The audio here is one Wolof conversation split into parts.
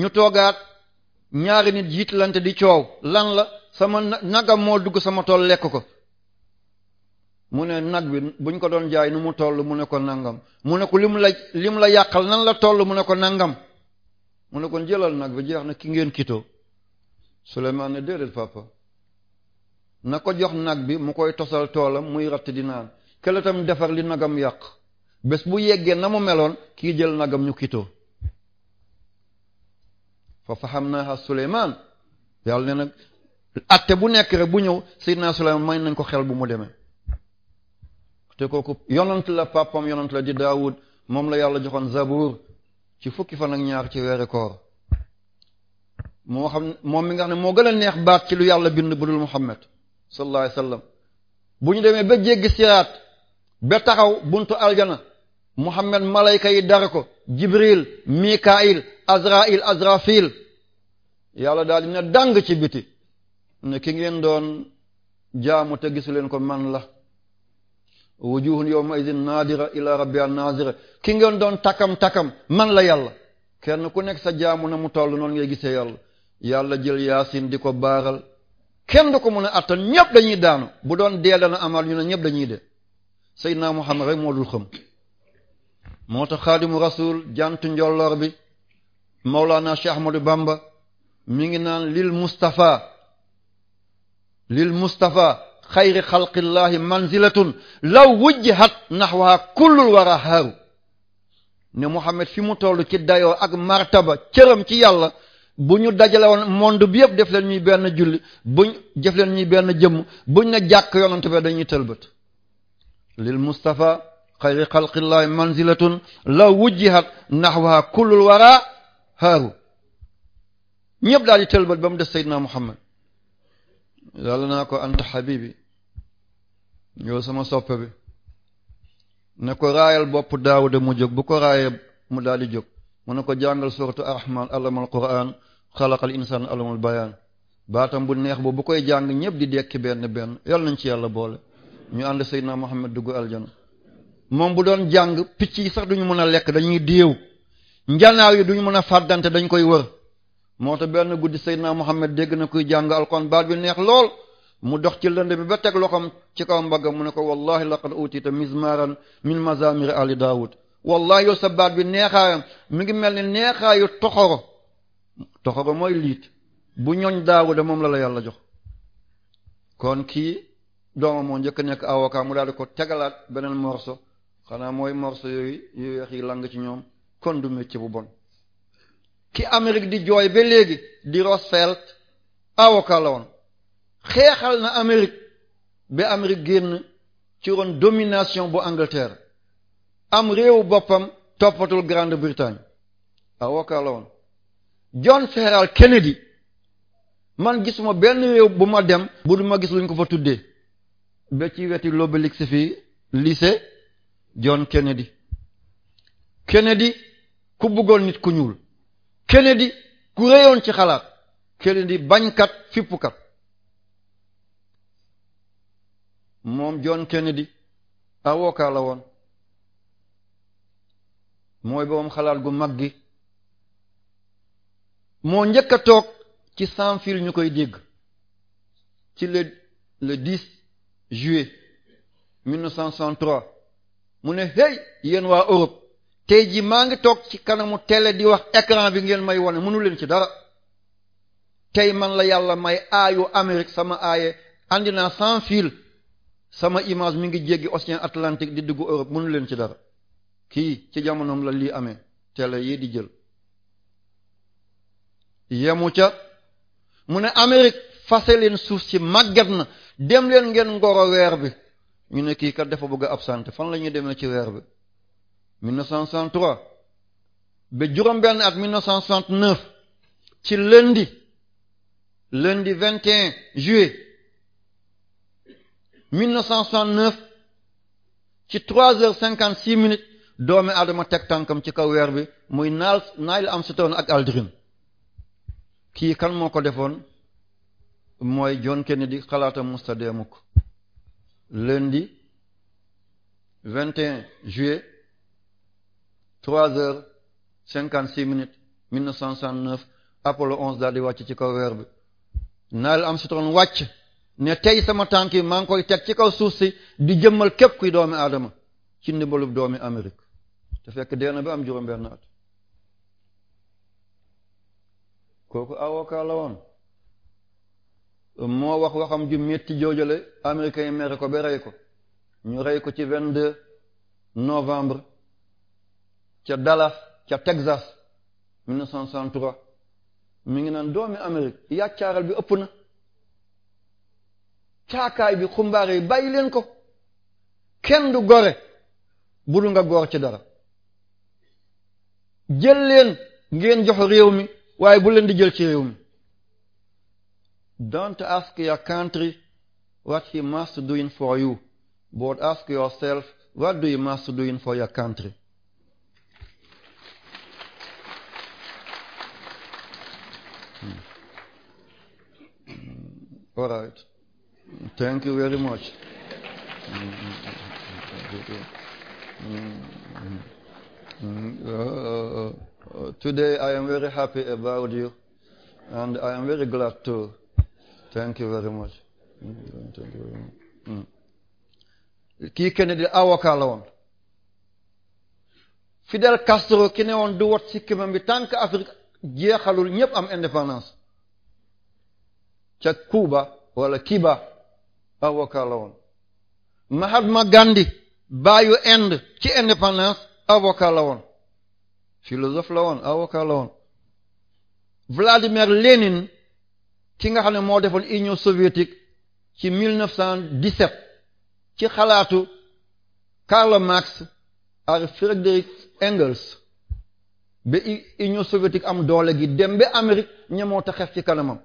ñu toogaat ñaari nit jiitlante di coow lan la sama nagam moo dugg sama tool lekk ko mu ne nag bi buñ ko doon jaay nu mu toll mu ne ko nangam mu ne ko lim la lim la yàqal nan la toll mu ne nangam mu ne kon jëlal nag bi jeex na ki ngeen kitoo Souleymane ne déedéet papa na ko jox nag bi mu koy tosal toolam muy ratt di naan kelatam defar li nagam yàq bés bu yeggee na mu meloon kii jël nagam ñu kitoo fa fahamnaha Suleymaan yàlla ne na atte bu nekk rek bu ñëw Seydina Suleymaan may nañ ko xel bu mu demee te kooku yonant la papam yonant la di Daawud moom la yàlla joxoon Zabuur ci fukki fan ak ñaar ci weeru koor moo xam moom mi nga xam ne moo gën a neex baat ci lu yàlla bind budul Muhammad sallallahu alayhi wasallam bu ñu demee ba jéggi siraat ba taxaw buntu aljana Muhammad malayka yi dara ko Jibril Mikail azrail azrafil yàlla daal dina dàng ci biti ki ngeen doon jaamu te gisu leen ko man la wujuhun yawma idin nadira ila rabbiha nazira ki ngeen doon takam-takam man la yàlla kenn ku nekk sa jaamu na mu toll noon ngay gisee yàlla yàlla jël yaasin di ko baaral kenn du ko mën a attan ñëpp dañuy daanu bu doon dee na amaat ñu ne ñëpp dañuy de Seydina Muhammad rek moo dul xam moo tax xaadimu rasul jant njolloor bi Mawlana Cheikh Ahmadou Bamba ngi naan lil Mustafa lil Mustafa xayri xalqillahi manzilatun law wujjihat naxwaha kullul wara xaaru ne Muhammad fi mu toll ci dayoo ak martaba cëram ci yàlla bu ñu dajale woon bi yëpp def leen ñuy benn julli buñ def leen ñuy benn jëmm buñ na jàkk yonante bi dañuy tëlbët lil Mustafa xayri xalqillahi manzilatun law wujjihat naxwaha kullul wara haarun ñëpp daal di tëlbat ba mu des Seydina Muhammad yàlla naa ko anta xabibi yow sama soppe bi ne ko raayal bopp daawuda mu jóg bu ko raayee mu daal di jóg mu ne ko jàngal suratu arrahman allamal quran xalaqal insaan allamal bayaan baatam bu neex boobu bu koy jàng ñëpp di dekki benn benn yàlla nañ ci yàlla boole ñu ànd Seydina Muhammad dugg aljana moom bu doon jàng picc yi sax duñu mën a lekk dañuy déew njanaaw yi duñu mën a fàddante dañ koy wër moo tax benn guddi Seydina Muhammad dégg na kuy jàng alxuraan baat bi neex lool mu dox ci lënd bi ba teg loxoom ci kaw mbagg mu ne ko wallahi laqad utiita mizmaran min mazamir ali daawud wallahi yow sa baat bi neexaayam mi ngi mel ni neexaayu toxoro toxoro mooy liit bu ñooñ daawuda moom lala yàlla jox kon kii dooma moo njëkk nekk avocat mu daal di ko tegalaat beneen morso xanaa mooy morso yooyu yu weex ci ñoom kon du métier bu bon ki Amérique di jooy ba léegi di Roosevelt avocat la woon xeexal na Amérique ba Amérique génn ci ron domination bu Angleterre am réew boppam toppatul Grande-Bretagne avocat la woon John Fitzgerald Kennedy man gisuma benn réew bu ma dem bu du ma gis luñ ko fa tuddee ba ci weti l'obélisque fii lycée John Kennedy Kennedy ku bëggoon nit ku ñuul Kennedy ku réyoon ci xalaat Kennedy bañkat fippukat moom John Kennedy avocat la woon mooy boroom xalaat gu mag gi moo njëkk a toog ci sans fil ñu koy dégg ci le le 10 juillet mu ne hey yéen waa Europe tey ji maa ngi toog ci kanamu télé di wax écran bi ngeen may wane mënu leen ci dara tey man la yàlla may aayu Amérique sama aaye andi cent sans sama image mi ngi jéggi océan Atlantique di duggu Europe mënu leen ci dara kii ci jamonoom la lii amee télé yii di jël yemu ca mu ne Amérique fase leen suuf si màggat na dem leen ngeen ngoro weer bi ñu ne kii kat defa bëgg a absente fan la ñuy demee ci weer bi 1963 ba juróom-benn at 1969 ci lundi lundi 21 juillet 1969 ci 3 heures 56 minutes doomi Adama teg tànkam ci kaw weer bi muy Niles Neil Armstrong ak Aldrin kii kan moo ko defoon mooy John Kennedy xalaata musta dee mukk lundi juillet. trois heures cinquante six minutes mille Apollo onze daal di wàcc ci kaw weer bi am Armstrong wàcc ne tey sama tànk yi maa ngi koy teg ci kaw suuf si di jëmmal képp kuy doomi aadama ci ndimbalub doomi Amérique te fekk dee na ba am juróom-benn at kooku avocat la woon moo wax waxam ju metti joojale américain yi mere ko ba rey ko ñu rey ko ci 22 novembre ca Dallas ca Texas 1963 mi ngi naan doomi Amérique yàccaaral bi ëpp na caakaay bi xumbaare yi bàyyi leen ko kenn du gore bulu nga goor ci dara jël leen ngeen jox réew mi waaye bu leen di jël ci réew mi don't ask your country what he must doing for you but ask yourself what do you must doing for your country All right. Thank you very kii Kennedy avocat la woon Fidel Castro ki ne woon du wat si bi tant que jeexalul ñëpp am indépendance cha kuba wala kiba au wakalaon mahatma gandhi baayu inde ci indépendance avocat la woon philosophe la woon avocat la woon vladimir lénine ki nga xam ne moo defoon union soviétique ci mille neuf cent dix ci xalaatu karl marx ak frédéric engels ba union soviétique am doole gi dem ba amérique ñamoo taxef ci kanamam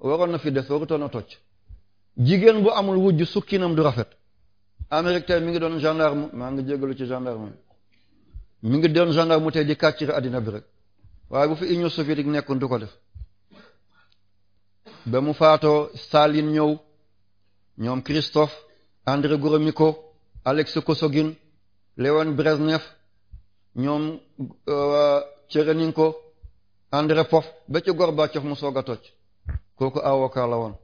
waroon na fi des warutoon a toj jigéen bu amul wujj sukkinam du rafet Amérique tey mi ngi doon gendarme maa ngi jégalu ci gendarme mi ngi doon gendarme tey di kàcciri addina bi rek waaye bu fi Union soviétique nekkoon du ko def ba mu faatoo Staline ñëw ñoom Christophe André Gromyko Alex Kosogin Léon Brezhnev ñoom euh, Tchereninko Andropov ba ci Gorbatchev mu soog a tocc kooku avocat la woon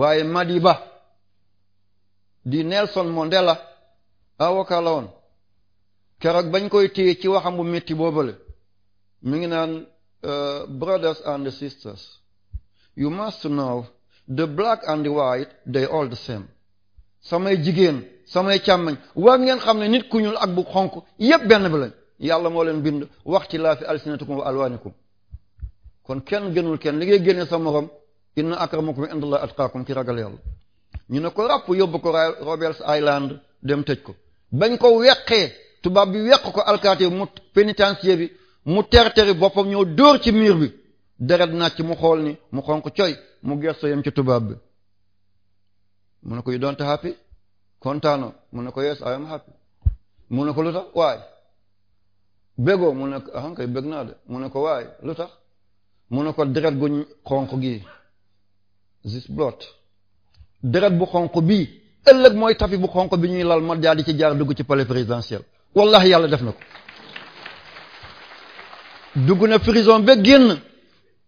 waaye Madiba di Nelson mondela avocat woon keroog bañ koy téye ci waxam bu métti boobale mu ngi naan euh, brothers and sisters you must know the black and white they all the same samay jigéen samay càmmañ war ngeen xam ne nit ku ñuul ak bu xonk yépp benn bi yàlla moo leen bind wax ci laa fi alsinatikum wa kon kenn gënul kenn li ngay génne sa morom inna akramakum indallahi atqaakum ki ragal yàlla ñu ne ko ràpp yóbbu ko Roberts Island dem tëj ko bañ ko weqee tubaab bi weq ko alkaati mu pénitencier bi mu terteri boppam ñoo dóor ci miir bi deret naa ci mu xool ni mu xonq coy mu gëstu yem ci tubaab bi mu ne ko you don't happy kontaanoo mu ne ko yes I am happy mu ne ko lu tax waaye bégoo mu ne ko ah kay bég naa de mu ne ko waaye lu tax mu ne ko deret gu xonq gi this deret bu xonq bi ëllëg mooy tafi bu xonq bi ñuy lal ma daal ci jaar dugg ci palais présidentiel wallahi yàlla def na ko dugg na prison ba génn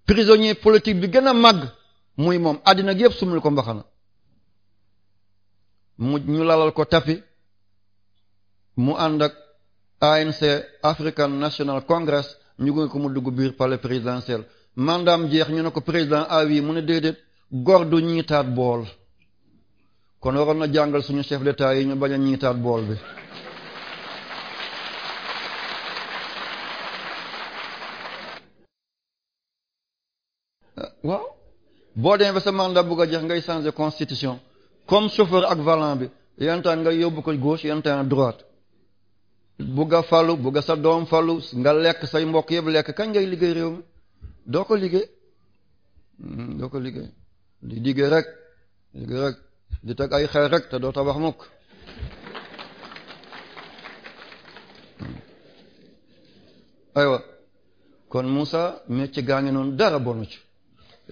prisonnier politique bi gën a màgg muy moom àddina gi yëpp sumul ko mbaxana mu ñu lalal ko tapi mu ànd ak ANC African National Congress ñu ngi ko mu dugg biir palais présidentiel mandaam jeex ñu ne ko président awi mu ne déedéet gor du ñiitaat bool kon waroon na jàngal suñu chef d'état yi ñu bañ a ñiitaat bool bi waaw boo demee ba sa mandat bugg a jeex ngay changer constitution comme chauffeur ak volant bi yenn temps nga yóbbu ko gauche yenn droite bugg a falu bugg a sa doom falu nga lekk say mbokk yëpp lekk kañ ngay liggéey réew mi doo ko liggéey hmm, doo ko liggéey di liggéey rek di teg ay xeer rek te doo tabax mukk hmm. aywa kon Moussa métti gaa ngi noonu dara bonu ci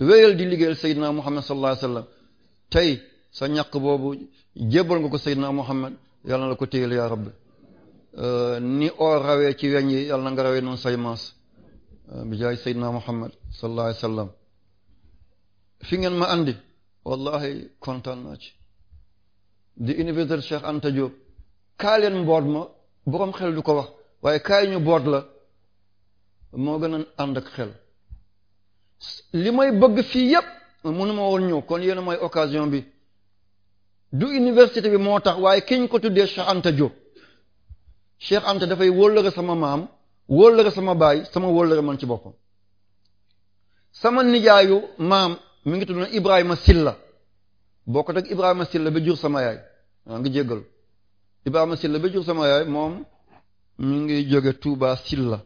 wéyal di liggéeyal Seydina Muhammad sallallahu alayhi wasallam tey sa ñaq boobu jébbal nga ko Seydina Muhammad yàlla na la ko téyel yaa rabbi euh, ni oo rawee ci weñ yi yàlla nga rawee noonu say maas bi jaay Seydina Muhammad sallallahu alayhi wa sallam fi ngeen ma andi wallahi kontaan naa ci di université Cheikh Anta Diop kaa leen mboot ma boroom xel du ko wax waaye kaay ñu boot la moo gën a ànd ak xel li may bëgg fii yépp mënuma woon ñëw kon yéen a may occasion bi du université bi moo tax waaye kiñ ko tuddee Cheikh Anta Diop Cheikh Anta dafay wóllëre sama maam wóllëre sama baay sama wóllëre man ci boppam sama nijaayu maam mi ngi tudd Ibrahima Silla boo ko teg Ibrahima ba jur sama yaay maa ngi jéggal Ibrahima Silla ba jur sama yaay moom mu ngi jóge Touba Silla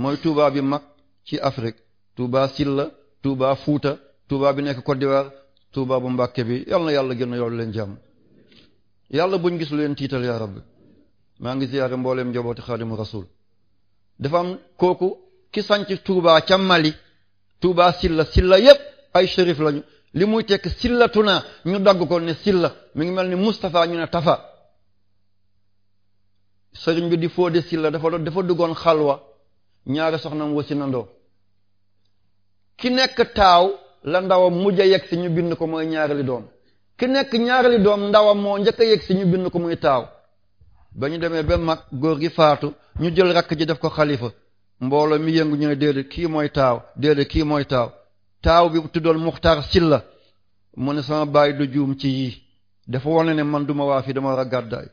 mooy Touba bi mag ci Afrique Touba Silla Touba Fuuta Touba bi nekk Côte d'Ivoire Touba bu Mbàkke bi yal na yàlla gën a yoolu leen jàmm yàlla buñ gis leen tiital yaa rabbi maa ngi ziyaare mbooleem njabooti Xaadimu Rasuul dafa am kooku ki sanc Touba ca Mali Touba Silla Silla yépp ay shérif lañu li muy tekk Silla tuna ñu dagg ko ne Silla mi ngi mel ni Moustapha ñu ne Tafa sëriñ bi di Fodé Silla dafa doon dafa duggoon xalwa ñaari soxnam wasi nandoo ki nekk taaw la ndawam mujj a yegg si ñu bind ko mooy ñaari li doom ki nekk ñaari li doom ndawam moo njëkk a yegg si ñu bind ko muy taaw ba ñu demee ba mag góor gi faatu ñu jël rakk ji def ko xalifa mbooloo mi yëngu ñu ne déedéet kii mooy taaw déedéet kii mooy taaw taaw bi tuddoon Muxtaar Silla mu ne sama baay du juum ci yii dafa wane ne man duma waa fii dama war a gàddaay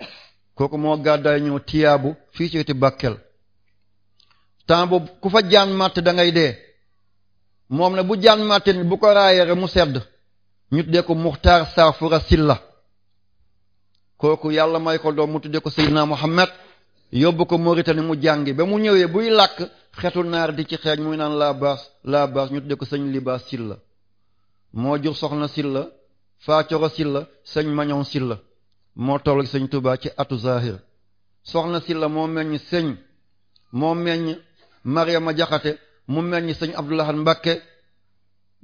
kooku moo gàddaay ñëw tiyaabu fii ci Bakel temps boobu ku fa jaan màtt da ngay dee moom ne bu jaan màtte ni bu ko raayere mu sedd ñu tuddee ko Muxtaar Saafura Silla kooku yàlla may ko doom mu tudde ko Seydina Muhammad yóbbu ko ni mu jàngi ba mu ñëwee buy làkk xetu naar di ci xeeñ muy naan laa baas laa baas ñu tudde ko sëñ Libaas Silla moo jur soxna Silla faacoro Silla sëñ Mañon Silla moo toll sëñ tubaa ci atu zahir soxna Silla moo meññ sëñ moo meññ Mariama Jaxate mu meññ sëñ Abdoulahan Mbàkke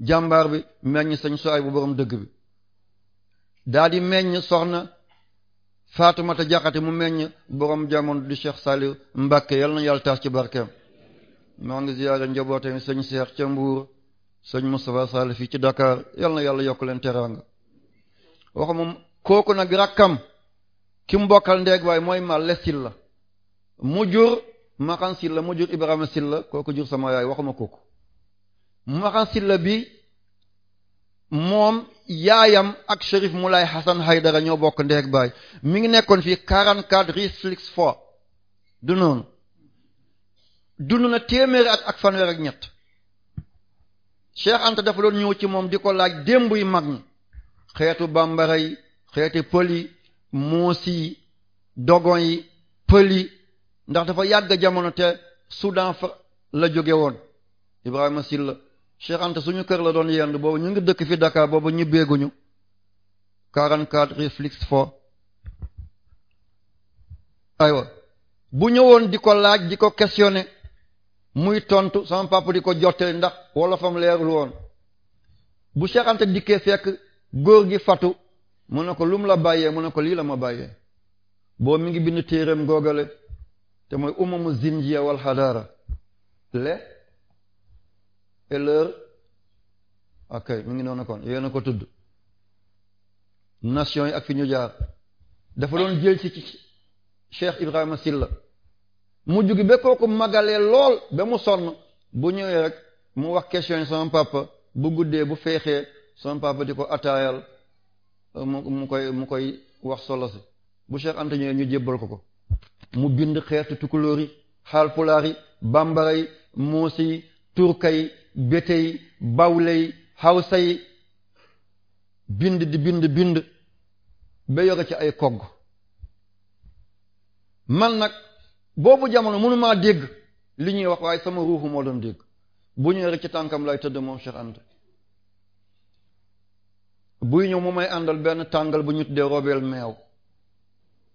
jàmbaar bi meññ sëñ Soay bu borom dëgg bi daa di soxna Faatumata Jaxate mu meññ borom jamono di Cheikh Saliou Mbacke yal na yàlla taas ci barkeem maa ngi ziyaare njabootam sëñ Cheikh ca Mbuur sëñ Moustapha Sall fii ci Dakar yal na yàlla yokk leen teraanga wax moom kooku nag rakkam ki mu bokkal ndeeg waay mooy Malle Silla mu jur Maxan Silla mu jur Ibrahima Silla kooku jur sama yaay waxuma kooku Maxan Silla bi moom yaayam ak Chérif Moulay Hassan Haydara ñoo bokk ndeeg baay mi ngi nekkoon fii 44 Rue Flixeau du noonu dund na téeméeri at ak fanweer ak ñett Cheikh Anta dafa doon ñëw ci moom di ko laaj démb yu mag ñi xeetu bàmbara yi xeeti pël yi moos yi dogon yi pël yi ndax dafa yàgg jamono te Soudan fa la jóge woon Ibrahima Silla Cheikh suñu kër la doon yendu boobu ñu ngi dëkk fi Dakar boobu ñu béeguñu 44 rue Flixefox aywa bu ñëwoon dikko laaj di ko questionner muy tontu sama papa di ko jottali ndax wolofam leerul woon bu Cheikh Anta dikkee fekk góor gi fatu mu ne ko lum la bàyyee mu ne ko lii la ma bàyyee boo mi ngi bind téereem googale te mooy umamu zinjiya wal xadaara le et l'heure ok mi ngi noonu kon yéen a ko tudd nation yi ak fi ñu jaar dafa doon jël ci ci Cheikh Ibrahima Silla mu jugi ba kooku magalee lool ba mu sonn bu ñëwee rek mu wax question yi sama papa bu guddee bu feexee sama papa di ko attaayal mu mu koy mu koy wax solo si bu Cheikh Anta ñu jébbal ko ko mu bind xeetu tukulóor yi xaalpulaar yi bambara yi bétey bawley hawsay bind di bind bind ba yore ci ay kogg man nag boobu jamono mënumaa dégg li ñuy wax waaye sama ruuxu moo doon dégg bu ñëwee rek ci tànkam lay tëdd moom Cheikh Anta buy ñëw mu may àndal benn tàngal bu ñu tuddee robel meew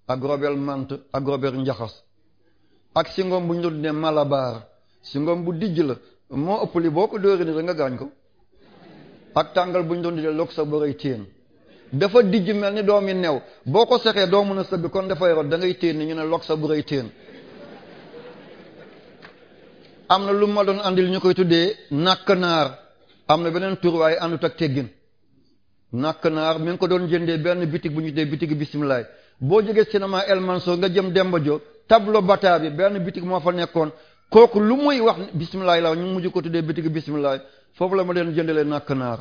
ak robel mant ak robel njaxas ak si ngoom bu ñu tuddee malabar si ngoom bu dijj la moo ëpp li boo ko dóoree ni nga gaañ ko ak tàngal bu ñu doon di lokk sa boray téen dafa dijj mel ni doomi new boo ko sexee doo mën a sëbbi kon dafay rot da ngay téen ni ñu ne lokk sa boray téen am na lu ma doon andil ñu koy tuddee nàkk naar am na beneen tur waaye àndut ak teggin nàkk naar mi ngi ko doon jëndee benn bitig bu ñu tuddee bitig bisimilah boo jegee cinéma El Mansour nga jëm Demba Jo tableau bata bi benn bitig moo fa nekkoon kooku lu muy wax bisimilah la ñu mujj ko tuddee bitig bisimilah foofu la ma leen jëndalee nàkk naar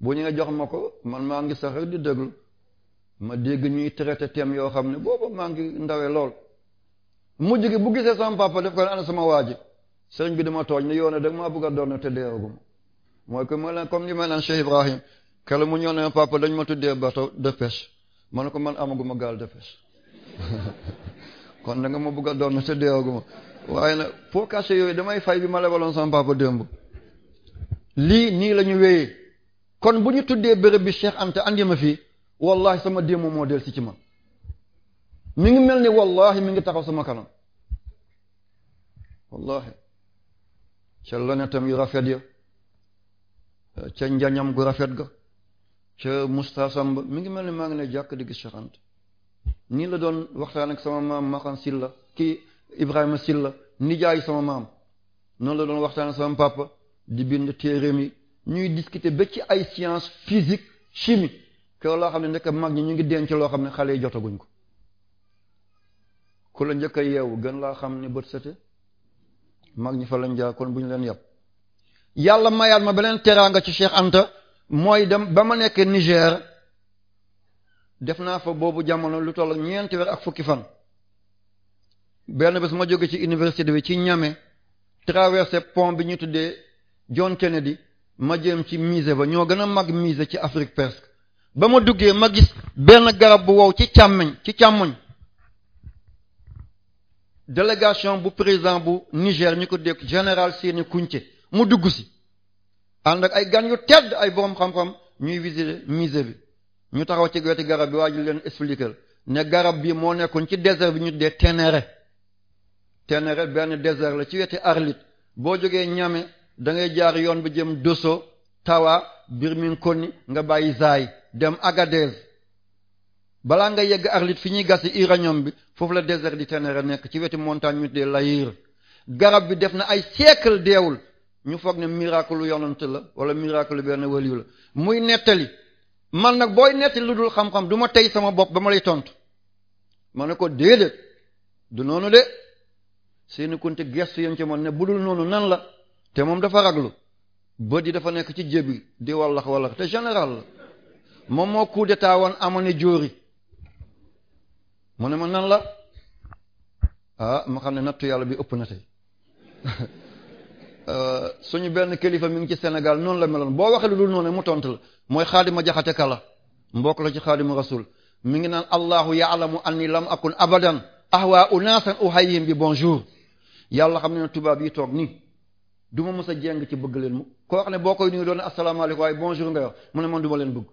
bu ñu nga jox ma ko man maa ngi sax di déglu ma dégg ñuy traité tem yoo xam ne booba maa ngi ndawe lool mujj gi bu gisee sama papa def ko ana sama waa ji sëriñ bi dama tooñ ne yoone dag maa bëgg a doon te deewaguma mooy que ma leen comme li ma leen Cheikh Ibrahim mu ñëw ne dañ ma tuddee bateau de pêche ma ne ko man amaguma gaal de pêche kon da ma bëgg a doon te deewaguma waaye na pour casser yooyu damay fay bi ma lebaloon sama papa démb lii nii la ñu wéyee kon bu ñu tuddee béréb bi Cheikh Anta andi ma fii wallahi sama démb moo del si ci man mi ngi mel ni wallahi mi ngi taxaw sama kanam wallahi ca lanetam yu rafet ya ca njañam gu rafet ga ca mustasam ba mi ngi mel ni maa ngi ne jàkk di gis Cheikh Anta nii la doon waxtaan ak sama maam Maxan Silla Ibrahima Silla nijaay sama maam noonu la doon waxtaan sama papa di bind téereem yi ñuy discuter ba ci ay science physique chimie ke loo xam ne ndekk mag ñi ñu ngi denc loo xam ne xale yi jotaguñ ko ku la njëkk a yeewu gën laa xam ne bët sete mag ñi fa lañ jaar kon bu ñu leen yàpp yàlla mayaat ma beneen teraanga ci Cheikh Anta mooy dem ba ma nekkee Niger def naa fa boobu jamono lu toll ñeenti weer ak fukki fan benn bés ma jóge ci université bi ci ñame traversé pont bi ñu tuddee John Kennedy ma jëm ci musée ba ñoo gën a mag musée ci Afrique presque ba ma duggee ma gis benn garab bu wow ci càmmeñ ci càmmoñ délégation bu président bu Niger ñu ko dégg général Séni Kountché mu dugg si ànd ay gan yu tedd ay borom xam-xam ñuy visiter musée bi ñu taxaw ci wetu garab bi waa ji leen expliquer ne garab bi moo nekkoon ci désert bi ñu dee Ténéré Ténéré benn désert la ci weti Arlit boo jógee Niamey da ngay jaar yoon bi jëm Dosso Tawa Birmingkoni nga bàyyi Zaay dem Agadez balaa nga yegg Arlit fi ñuy gasi uranium bi foofu la désert di Ténéré nekk ci weti montagne ñu de Layir garab bi def na ay siècle deewul ñu foog ne miracle yonent la wala miracle benn waliyu la muy nettali man nag booy nettali lu dul xam-xam du ma tey sama bopp ba ma lay tontu ma ne ko déedéet du noonu de. seeni kunte gestu yam ci moon ne budul noonu nan la te moom dafa raglu bët yi dafa nekk ci jébi di wallax wallax te général moom moo coup d'état woon amani jóori mu ne ma nan la ah ma xam ne nattu yàlla bi ëpp na tey euh, suñu benn kilifa mi ngi ci senegal noonu la meloon boo waxee lu dul noonu mu tontu la mooy xaadima jaxate kala mbokk la ci xaadima rasul mi ngi naan allahu yaalamu anni lam akun abadan ahwa unasan uhayim bi bonjour yàlla xam ne tubaab yi toog nii du ma mës a jeng ci bëgg leen mu koo xam ne boo koy nuyu doon asalaamaaleykum waaye bonjour nga wax mu ne man du ma leen bëgg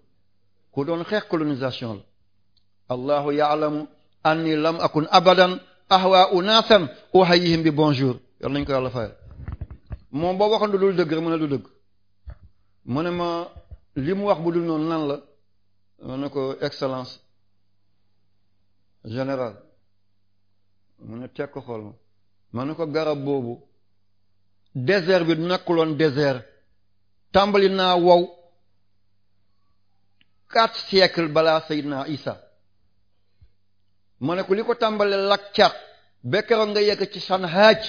ku doon xeex colonisation la allahu yaalamu anni lam akun abadan ahwa unasan uhayihim bi bonjour yor nañ ko yàlla fayal moom boo waxoon du dëgg rek mu ne du dëgg mu ne ma li wax bu du noon nan la ma ne ko excellence général mu ne teg ko xool ma ne ko garab boobu désert bi nakkuloon désert tàmbali naa wow quatre siècles balaa naa Isa ma ne ko li ko tàmbale lak car bekkeroog nga yegg ci Sanhaj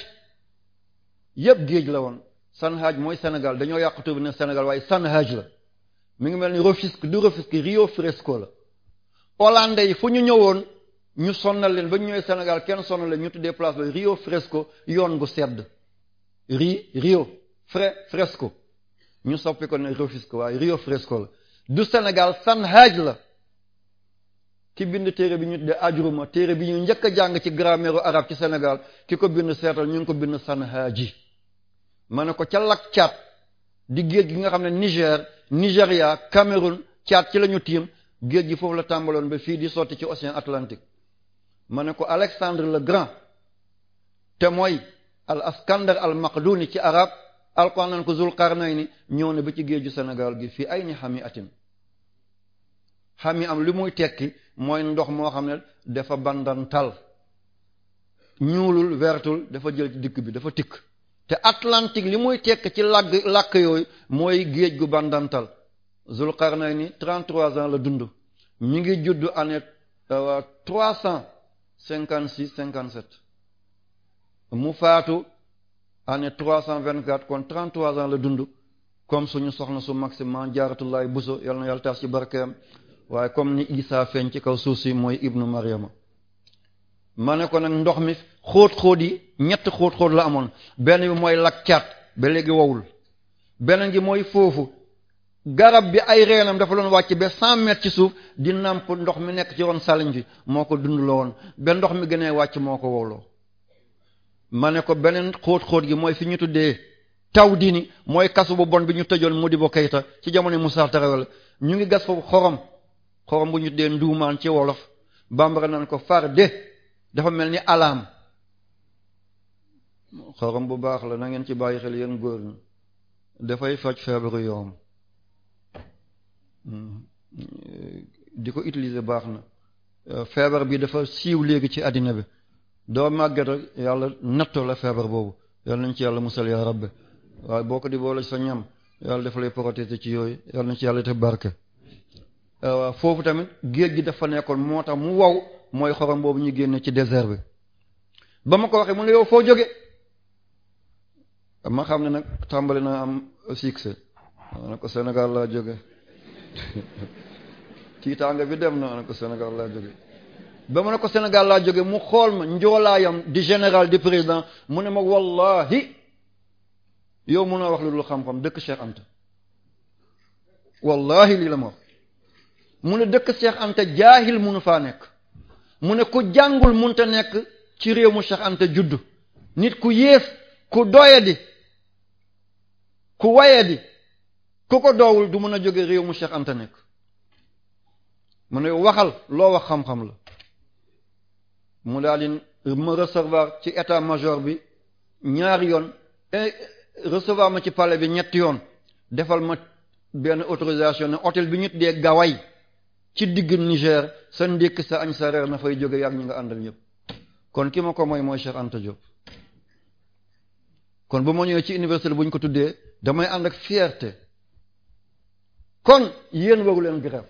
yëpp géej la woon san Sanhaj mooy Sénégal dañoo yàq tur bi ne Sénégal waaye Sanhaj la mi ngi mel ni Rufisque du Rufisque Rio Fresco la Hollandais yi fu ñu ñëwoon ñu sonnal leen ba ñu ñëwee Sénégal kenn sonnal leen ñu tuddee place ba Rio Fresco yoon bu sedd ri Rio fre Fresco ñu soppi ko ne Rio Fresco waaye Rio Fresco la du Sénégal Sanhaj la ki bind téere bi ñu tuddee Ajruma téere bi ñu njëkk a jàng ci grammaire arabe ci Sénégal ki ko bind seetal ñu ngi ko bind Sanhaji ma ne ko ca lak Tchad di géej gi nga xam ne Niger Nigeria Cameroun Tchad ci lañu ñu tiim géej gi foofu la tàmbaloon ba fii di sotti ci océan Atlantique ma ne ko Alexandre le Grand te mooy al askandar al maqduni ci arab alquran nan ko zul qarnayni ñëw na ba ci géeju Sénégal gi fii ay ni xami atin xami am li muy tekki mooy ndox moo xam ne dafa bandantal ñuulul wertul dafa jël dikk bi dafa tikk te Atlantique li muy tekk ci làgg yooyu mooy géej gu bandantal Zulqarnayni 33 ans la dund mi ngi judd année 300 euh, cinquante six cinquante sept mu faatu année trois cent vingt quatre kon trente trois ans la dund comme suñu soxna su maximum jaaratullaay buso yal na yàlla taas ci barkeem waaye comme ni Isa feeñ ci kaw suuf si mooy ibnu Maryama ma ne ko nag ndox mi xóot-xóot yi ñett xóot-xóot la amoon benn bi mooy lakcaat ba léegi wowul beneen gi mooy foofu garab bi ay reenam dafa loon wàcc ba cent mètres ci suuf di nàmp ndox mi nekk ci ron sàlliñ bi moo ko dund la woon ba ndox mi gënee wàcc moo ko wooloo ma ne ko beneen xóot-xóot gi mooy fi ñu tuddee taw dini mooy kasu bu bon bi ñu tëjoon di Modibo Keïta ci jamono Moussa Traoré ñu ngi gas foofu xorom xorom bu ñu tuddee nduumaan ci wolof bambara naan ko far de dafa mel ni alaam xorom bu baax la na ngeen ci bàyyi xel yéen góor ñi dafay faj feebaru yoom di ko utiliser baax na euh, feebar bi dafa siiw léegi ci àddina bi doo màgget rek yàlla nattoo la feebar boobu yàlla nañ ci yàlla musal yaa rabbi waaye boo ko di boo la sa ñam yàlla def lay protéger ci yooyu yàlla nañ ci yàlla te barke euh, waaw foofu tamit géej gi dafa nekkoon moo tax mu wow mooy xorom boobu ñu génne ci désert bi ba ma ko waxee mu ne yow foo jóge ma xam ne nag tàmbali na am succès ma ko Sénégal laa jóge tiitaanga bi dem na ma ne ko Sénégal laa jóge ba ma ne ko Sénégal laa jóge mu xool ma njoolaayam di général di président mu ne ma wallahi yow mu a wax lu dul xam-xam dëkk Cheikh Anta wallahi lii la ma mu ne dëkk Cheikh Anta jaahil munu faa nekk mu ne ku jàngul munta nekk ci réew mu Cheikh Anta judd nit ku yées ku doyadi ku wayadi ku ko doowul du mën a jóge réew mu Cheikh Anta nekk mu ne waxal loo wax xam-xam la mu daal di ma recevoir ci état major bi ñaari yoon e, recevoir ma ci pale bi ñetti yoon defal ma benn autorisation ne hôtel bi ñu dee Gaway ci digg Niger sa ndékk sa añ sa reer na fay jóge yàgg ñu nga àndal ñëpp kon ki ma ko mooy mooy Cheikh Anta Diop kon bu ma ñëwee ci université bu ñu ko tuddee damay ànd ak fierté kon yéen waru leen grève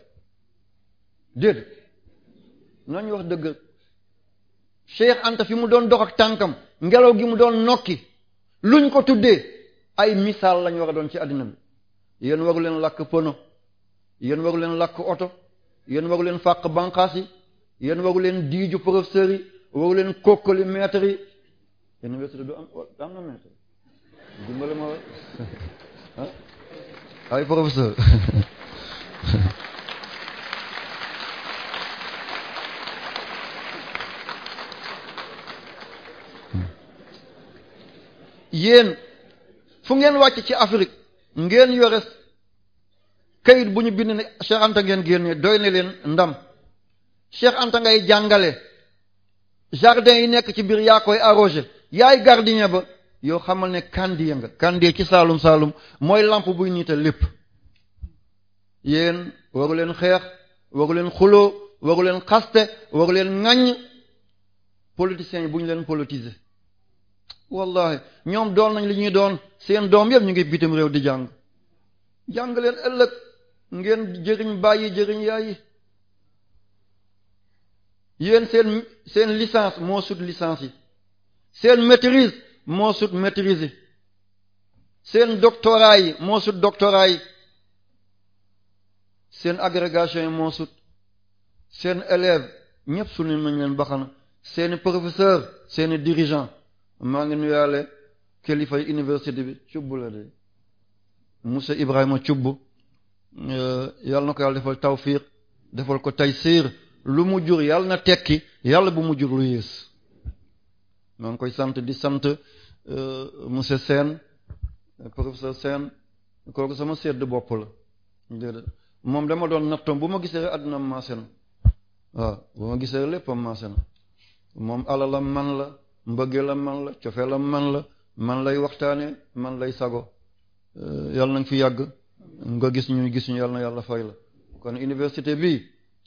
déedéet nañu wax dëgg Cheikh Anta fi mu doon dox ak tànkam ngelaw gi mu doon nokki luñ ko tuddee ay misaal lañu war a doon ci àddina mi yéen waru leen lakk pono yéen waru leen lakk oto yéen waru leen fàq banqaas yi yéen waru leen diiju professeurs yi waru leen kokkali maîtres yi université du am am na maître dimbale ma way Hoi professor. yéen fu ngeen wàcc ci Afrique ngeen yore kayit bu ñu bind ne Cheikh Anta ngeen génne doy na leen ndam Cheikh Anta ngay jàngale jardin yi nekk ci biir yaa koy arrosé yaay gardien ba yow xamal ne kàndiya nga kàndiya ci saalum saalum mooy lamp buy niital lépp yéen waru leen xeex waru leen xuloo waru leen xaste waru leen ŋaññ politiciens yi bu ñu leen politiser wallahi ñoom doon nañ li ñuy doon seen doom yëpp ñu ngi bitim réew di jàng jàng leen ëllëg ngeen jëriñ bàyyi jëriñ yaayi yéen seen seen licence moo sut licence yi seen maîtrise moo sut maîtrise seen doctorat yi moo sut doctorat yi seen agrégation yi moo sut seen élève ñëpp sunu nañ leen baxana seeni professeur seeni dirigeant maa ngi nuyaale kilifa yi université bi cubb la de monsieur Ibrahima cubb euh, yàlla na ko yàlla defal tawfiq defal ko taysiir lu mu jur yàlla na tekki yàlla bu mu jur lu yées maa ngi koy sant di sant euh, monsieur seen professeur Sène kooku sama sedd bopp la moom dama doon nattoom bu ma gisee àdduna am maase na waaw bu gisee lépp am maase na moom alalam man la mbëggeelam man la cofeelam man la man lay waxtaane man lay sago euh, yàlla nañ fi yàgg nga gis ñu gis ñu yàlla na yàlla fay la kon université bi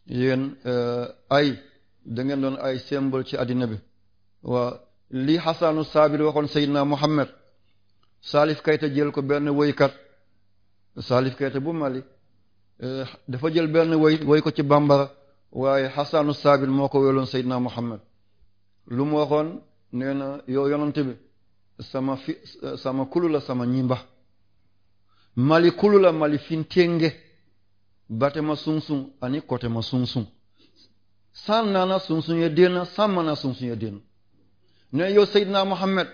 yéen euh, ay da ngeen doon ay symbole ci àddina bi waa li xasanu saabir waxoon seydina muhammad saalif kayta jël ko benn woykat saalif kayta bu mali eh, dafa jël benn woy woy ko ci bambara waaye xasanu saabir moo ko weloon seydina muhammad lu mu waxoon nee na yow yonante bi sama fi sama ñimba mali kulu la mali fintenge bate ma sunsun ani kote ma sunsun san nana sunsun ye dena san mana sunsun ye dena ne yow Seydina Mohamed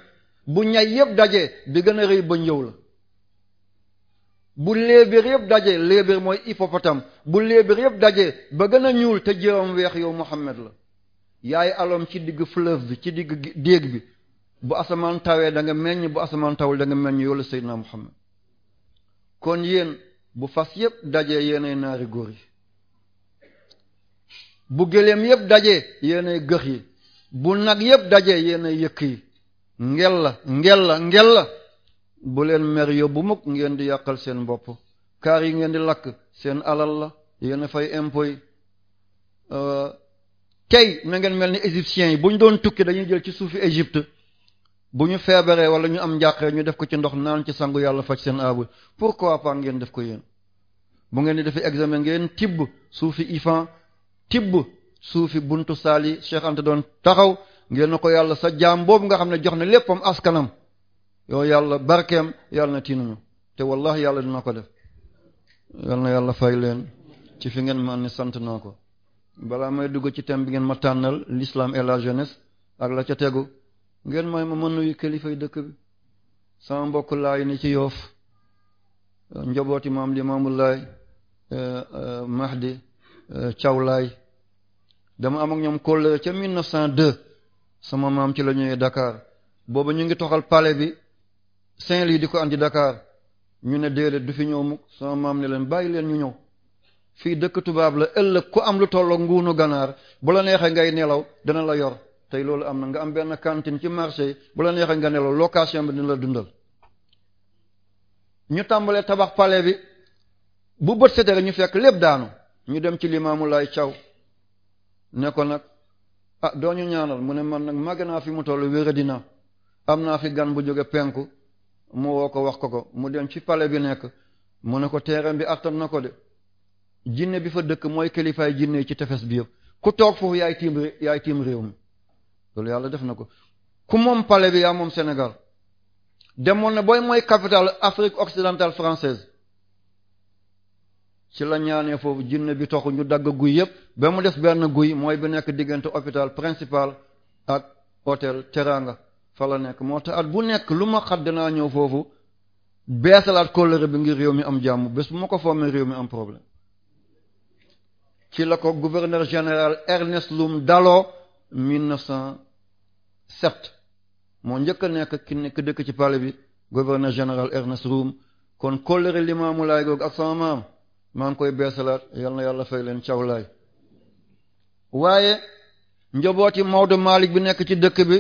bu ñay yëpp daje bi gën a rëy bëñ la bu léebér yëpp daje léebér mooy hippopotame bu léebér yëpp daje ba gën a ñuul te jëwam weex yow Mohamed la yaay aloom ci digg fleuve bi ci digg déeg bi bu asamaan tawee da nga meññ bu asamaan tawul da meññ yow Seydina Mohamed kon yéen bu fas yëpp daje yéenay naari góor yi bu gëléem yëpp daje yéenay gëx yi bu nag yëpp dajee yéen yëkk yi ngel la ngel la ngel la bu leen mer yóbbu mukk ngeen di yàqal seen bopp kaar yi ngeen di lakk seen alal la yéen fay impôt yi euh, tey na ngeen mel ni égyptiens yi bu ñu doon tukki dañuy jël ci suufi Égypte bu ñu feebaree wala ñu am njàqare ñu def ko ci ndox naan ci sangu yàlla faj seen aabu pourquoi pas ngeen def ko yéen bu ngeen di defee examen ngeen tibb suufi ifan tibb suufi buntu saali Cheikh Anta doon taxaw ngeen na ko yàlla sa jaam boobu nga xam ne jox na léppam askanam yow yàlla barkeem yàlla na tiinuñu te wallahi yàlla dina ko def yàlla yàlla fay leen ci fi ngeen ma ni sant naa ko balaa may dugg ci thème bi ngeen ma tànnal l'islam et la jeunesse ak la ca tegu ngeen may ma mën nuyu kilifay dëkk bi sama mbokk laay ni ci yoof njabooti maam li maamul laay eh, eh, mahdi cawlaay eh, dama am ak ñoom kóllëre ca 1902 sama maam ci la ñëwee dakaar boobu ñu ngi toxal pale bi saint lii di ko andi dakaar ñu ne déedéet du fi ñëw mukk sama maam ne leen bàyyi leen ñu ñëw fii dëkk tubaab la ëllëg ko am lu tollook nguunu ganaar bu la neexee ngay nelaw dana la yor tey loolu am na nga am benn cantine ci marché bu la neexee nga nelaw location bi dina la dundal ñu tàmbalee tabax pale bi bu bët setee ñu fekk lépp daanu ñu dem ci limaamu lay caw ne ko nag a ah, doo ñu ñaanal mu ne man nag màgg naa fi mu toll wéradi na am naa fi gan bu jóge penku mu woo ko wax ko ko mu dem ci pale bi nekk mu ne ko terrain bi attan na ko de jinne bi fa dëkk mooy kilifaay jinne yi ci tefes bi yëpp ku toog foofu yaay tiim yaay tiim réew mi loolu yàlla def na ko ku moom pale bi yaa moom Sénégal demoon na booy mooy capitale Afrique occidentale française ci la ñaanee foofu jinne bi toxu ñu dagg guy yëpp ba mu des benn guy mooy ba nekk diggante hôpital principal ak hôtel Teranga fa la nekk moo tax at bu nekk lu ma xat dinaa ñëw foofu beesalaat kóllëre bi ngir réew mi am jàmm bés mu ma ko fommee réew mi am problème ci la ko gouverneur général Ernest Lum Dalo 1907 moo njëkk a nekk ki nekk dëkk ci pale bi gouverneur général Ernest Lum kon kóllëre Limaamu Laay googu ak sama maam maa ngi koy beesalaat yal na yàlla fay leen cawlaay waaye njobooti Maodo Malick bi nekk ci dëkk bi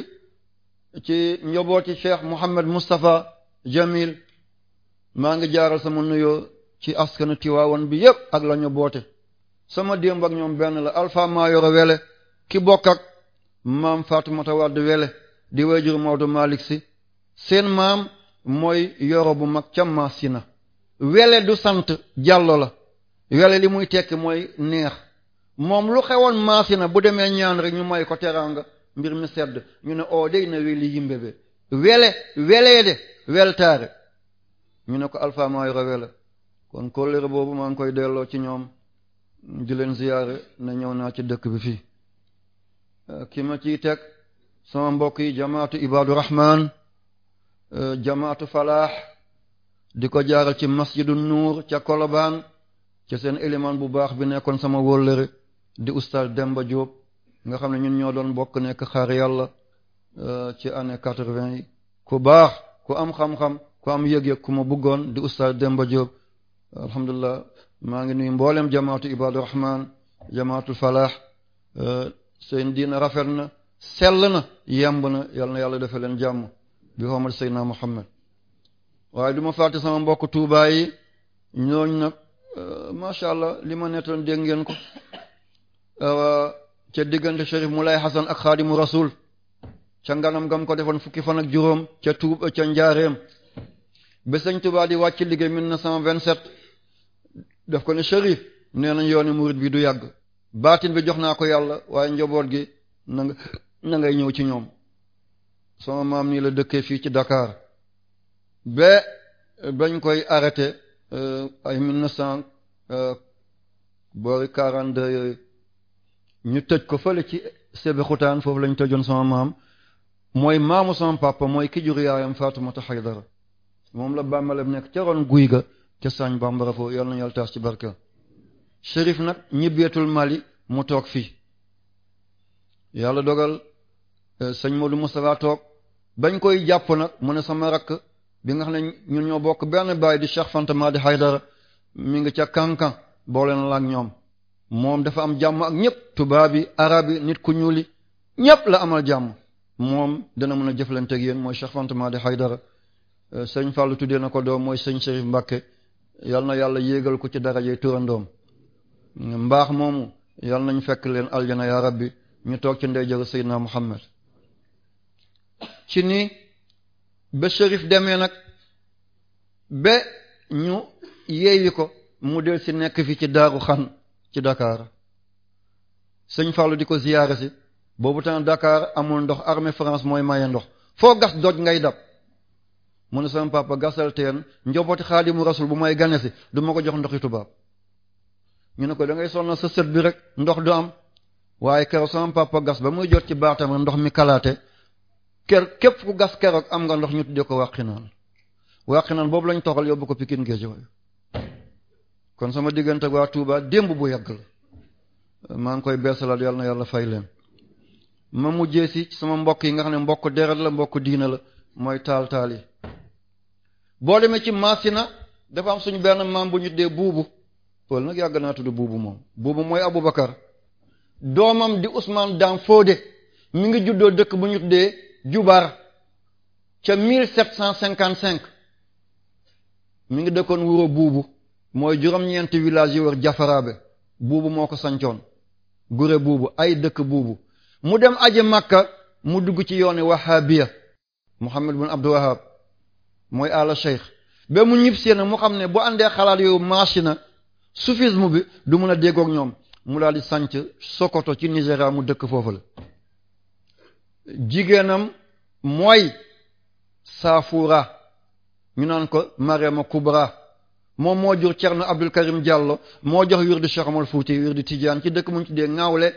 ci njobooti Cheikh Mouhamed Moustapha Jamil maa ngi jaaral sama nuyoo ci askanu Tiwaawan bi yëpp ak la boote sama démb ak ñoom benn la Alpha Mayoro Wele ki bokk ak maam Fatoumata Wade Wele di wéyjur Maodo Malick si seen maam mooy yoro bu mag ca Maasina Wele du sant Jàllo la yàlla li muy tekk mooy neex moom lu xewoon maasi na bu demee ñaan rek ñu may ko teraanga mbir mi sedd ñu ne oo day na weli yimbe be wele welee de weltaare ñu ne ko alpha mooy rewele kon kóllëre boobu maa ngi koy delloo ci ñoom di leen ziyaare ne ñëw naa ci dëkk bi fii euh, ki ma ciy teg sama mbokk yi jamaatu ibaadu rahmaan euh, jamaatu falaax di ko jaaral ci masjidu nuur ca kolobaan ca seen élément bu baax bi nekkoon sama wóllëre di oustaz Demba Diop nga xam ne ñun ñoo doon bokk nekk xaar yàlla euh, ci année quatre-vingt yi ku baax ku am xam-xam ku am yëg-yëg ku ma bëggoon di oustaz Demba Diop alhamdulilah maa ngi nuyu mboolem jamaatu Ibadu Rahman jamaatul Falah euh, seen diina rafet na sell na yemb na yal na yàlla defal leen jàmm bi xoomal Seydina Muhammad waaye du ma sama mbokk Touba yi ñooñu Euh, macha allah li ma nettoon dégg ngeen ko euh, ca diggante Cherif Moulay Hassan ak xaadimu rasul ca nganam gam ko defoon fukki fan ak juróom ca tuub ca njaareem ba sëñ Tuubaa di wàcc liggéey 1927 def ko ne Cherif nee nañ yooni murid bi du yàgg baatin bi jox naa ko yàlla waaye njaboot gi na nga ngay ñëw ci ñoom sama maam nii la dëkkee fii ci Dakar ba bañ koy arrêté ay mille neuf cent boori quarante yooyu ñu tëj ko fële ci Sébikotane foofu lañ tëjoon sama maam mooy maamu sama papa mooy ki jur yaayam Faatumata Haydara moom la bàmmalem nekk ca ron guy ga ca saañ bambara foofu yàlla na yàlla taas ci barke Chérif nag ñibbeetul Mali mu toog fii yàlla dogal e, sëñ Modou Moustapha toog bañ koy jàpp nag mu ne sama rakk bi nga xam ne ñun ñoo bokk benn baay di Cheikh Fanta Madi Haydara mu ngi ca kankan boole na la ñoom moom dafa am jàmm ak ñëpp tubaab yi arab yi nit ku ñuuli ñëpp la amal jàmm moom dana mën a jëflante ak yéen mooy Cheikh Fanta Madi Haydara euh, sëñ Fallou tuddee na ko doom mooy sëñ Chérif Mbacké yal na yàlla yéegal ko ci dara daraje turandoom mbaax moomu yal nañ fekk leen aljana ya rabbi ñu toog ci ndeyjëru Seydina Muhammad ci ni ba shérif demee nag ba ñu yeewi ko mu del si nekk fi ci daaru xan ci dakaar sëñ Fallou di ko ziyaare si boobu temps dakaar amul ndox armée France mooy maye ndox foo gas doj ngay dab mu ne sama papa gasal teen njobooti xaadimu rasul bu may gane si du ma ko jox ndoxi tubaab ñu ne ko dangay ngay sonna sa bi rek ndox du am waaye keroog sama papa gas ba muy jot ci baatam ndox mi kalaate ker képp ku gas keroog am nga ndox ñu tuddee ko wàqinaan wàqinaan boobu lañ toxal yóbbu ko Pikine géej yooyu kon sama diggante waa tuubaa démb bu yàgg la maa ngi koy beesalaat yàlla na yàlla fay leen ma mujjee si sama mbokk yi nga xam ne mbokk deret la mbokk diina la mooy taal taal yi boo demee ci Masina dafa am suñ benn maam bu ñu dee buubu pël nag yàgg naa tudd buubu moom buubu mooy Aboubacar doomam di Ousmane Dam Fodé mi ngi juddoo dëkk bu ñu dee jubar ca mille sept cent cinquante cinq mu ngi dëkkoon wuro buubu mooy juróom-ñeenti village yi war jafarabe buubu moo ko sancoon gure buubu ay dëkk buubu mu dem aji makka mu dugg ci yooni wahabiya muhammad bin abdul wahab mooy àla cheikh ba mu ñib see mu xam ne bu àndee xalaat yow marché na soufisme bi du mun a déggoog ñoom mu daal di sanc Sokoto ci Nigéria mu dëkk foofu la jigéenam mooy saafura ñu naan ko Mariama Kubra moom moo jur na Abdul Karim Diallo moo jox wirdu Cheikh Omar Fouti wirdu Tidiane ci dëkk muñ tuddee Ngawle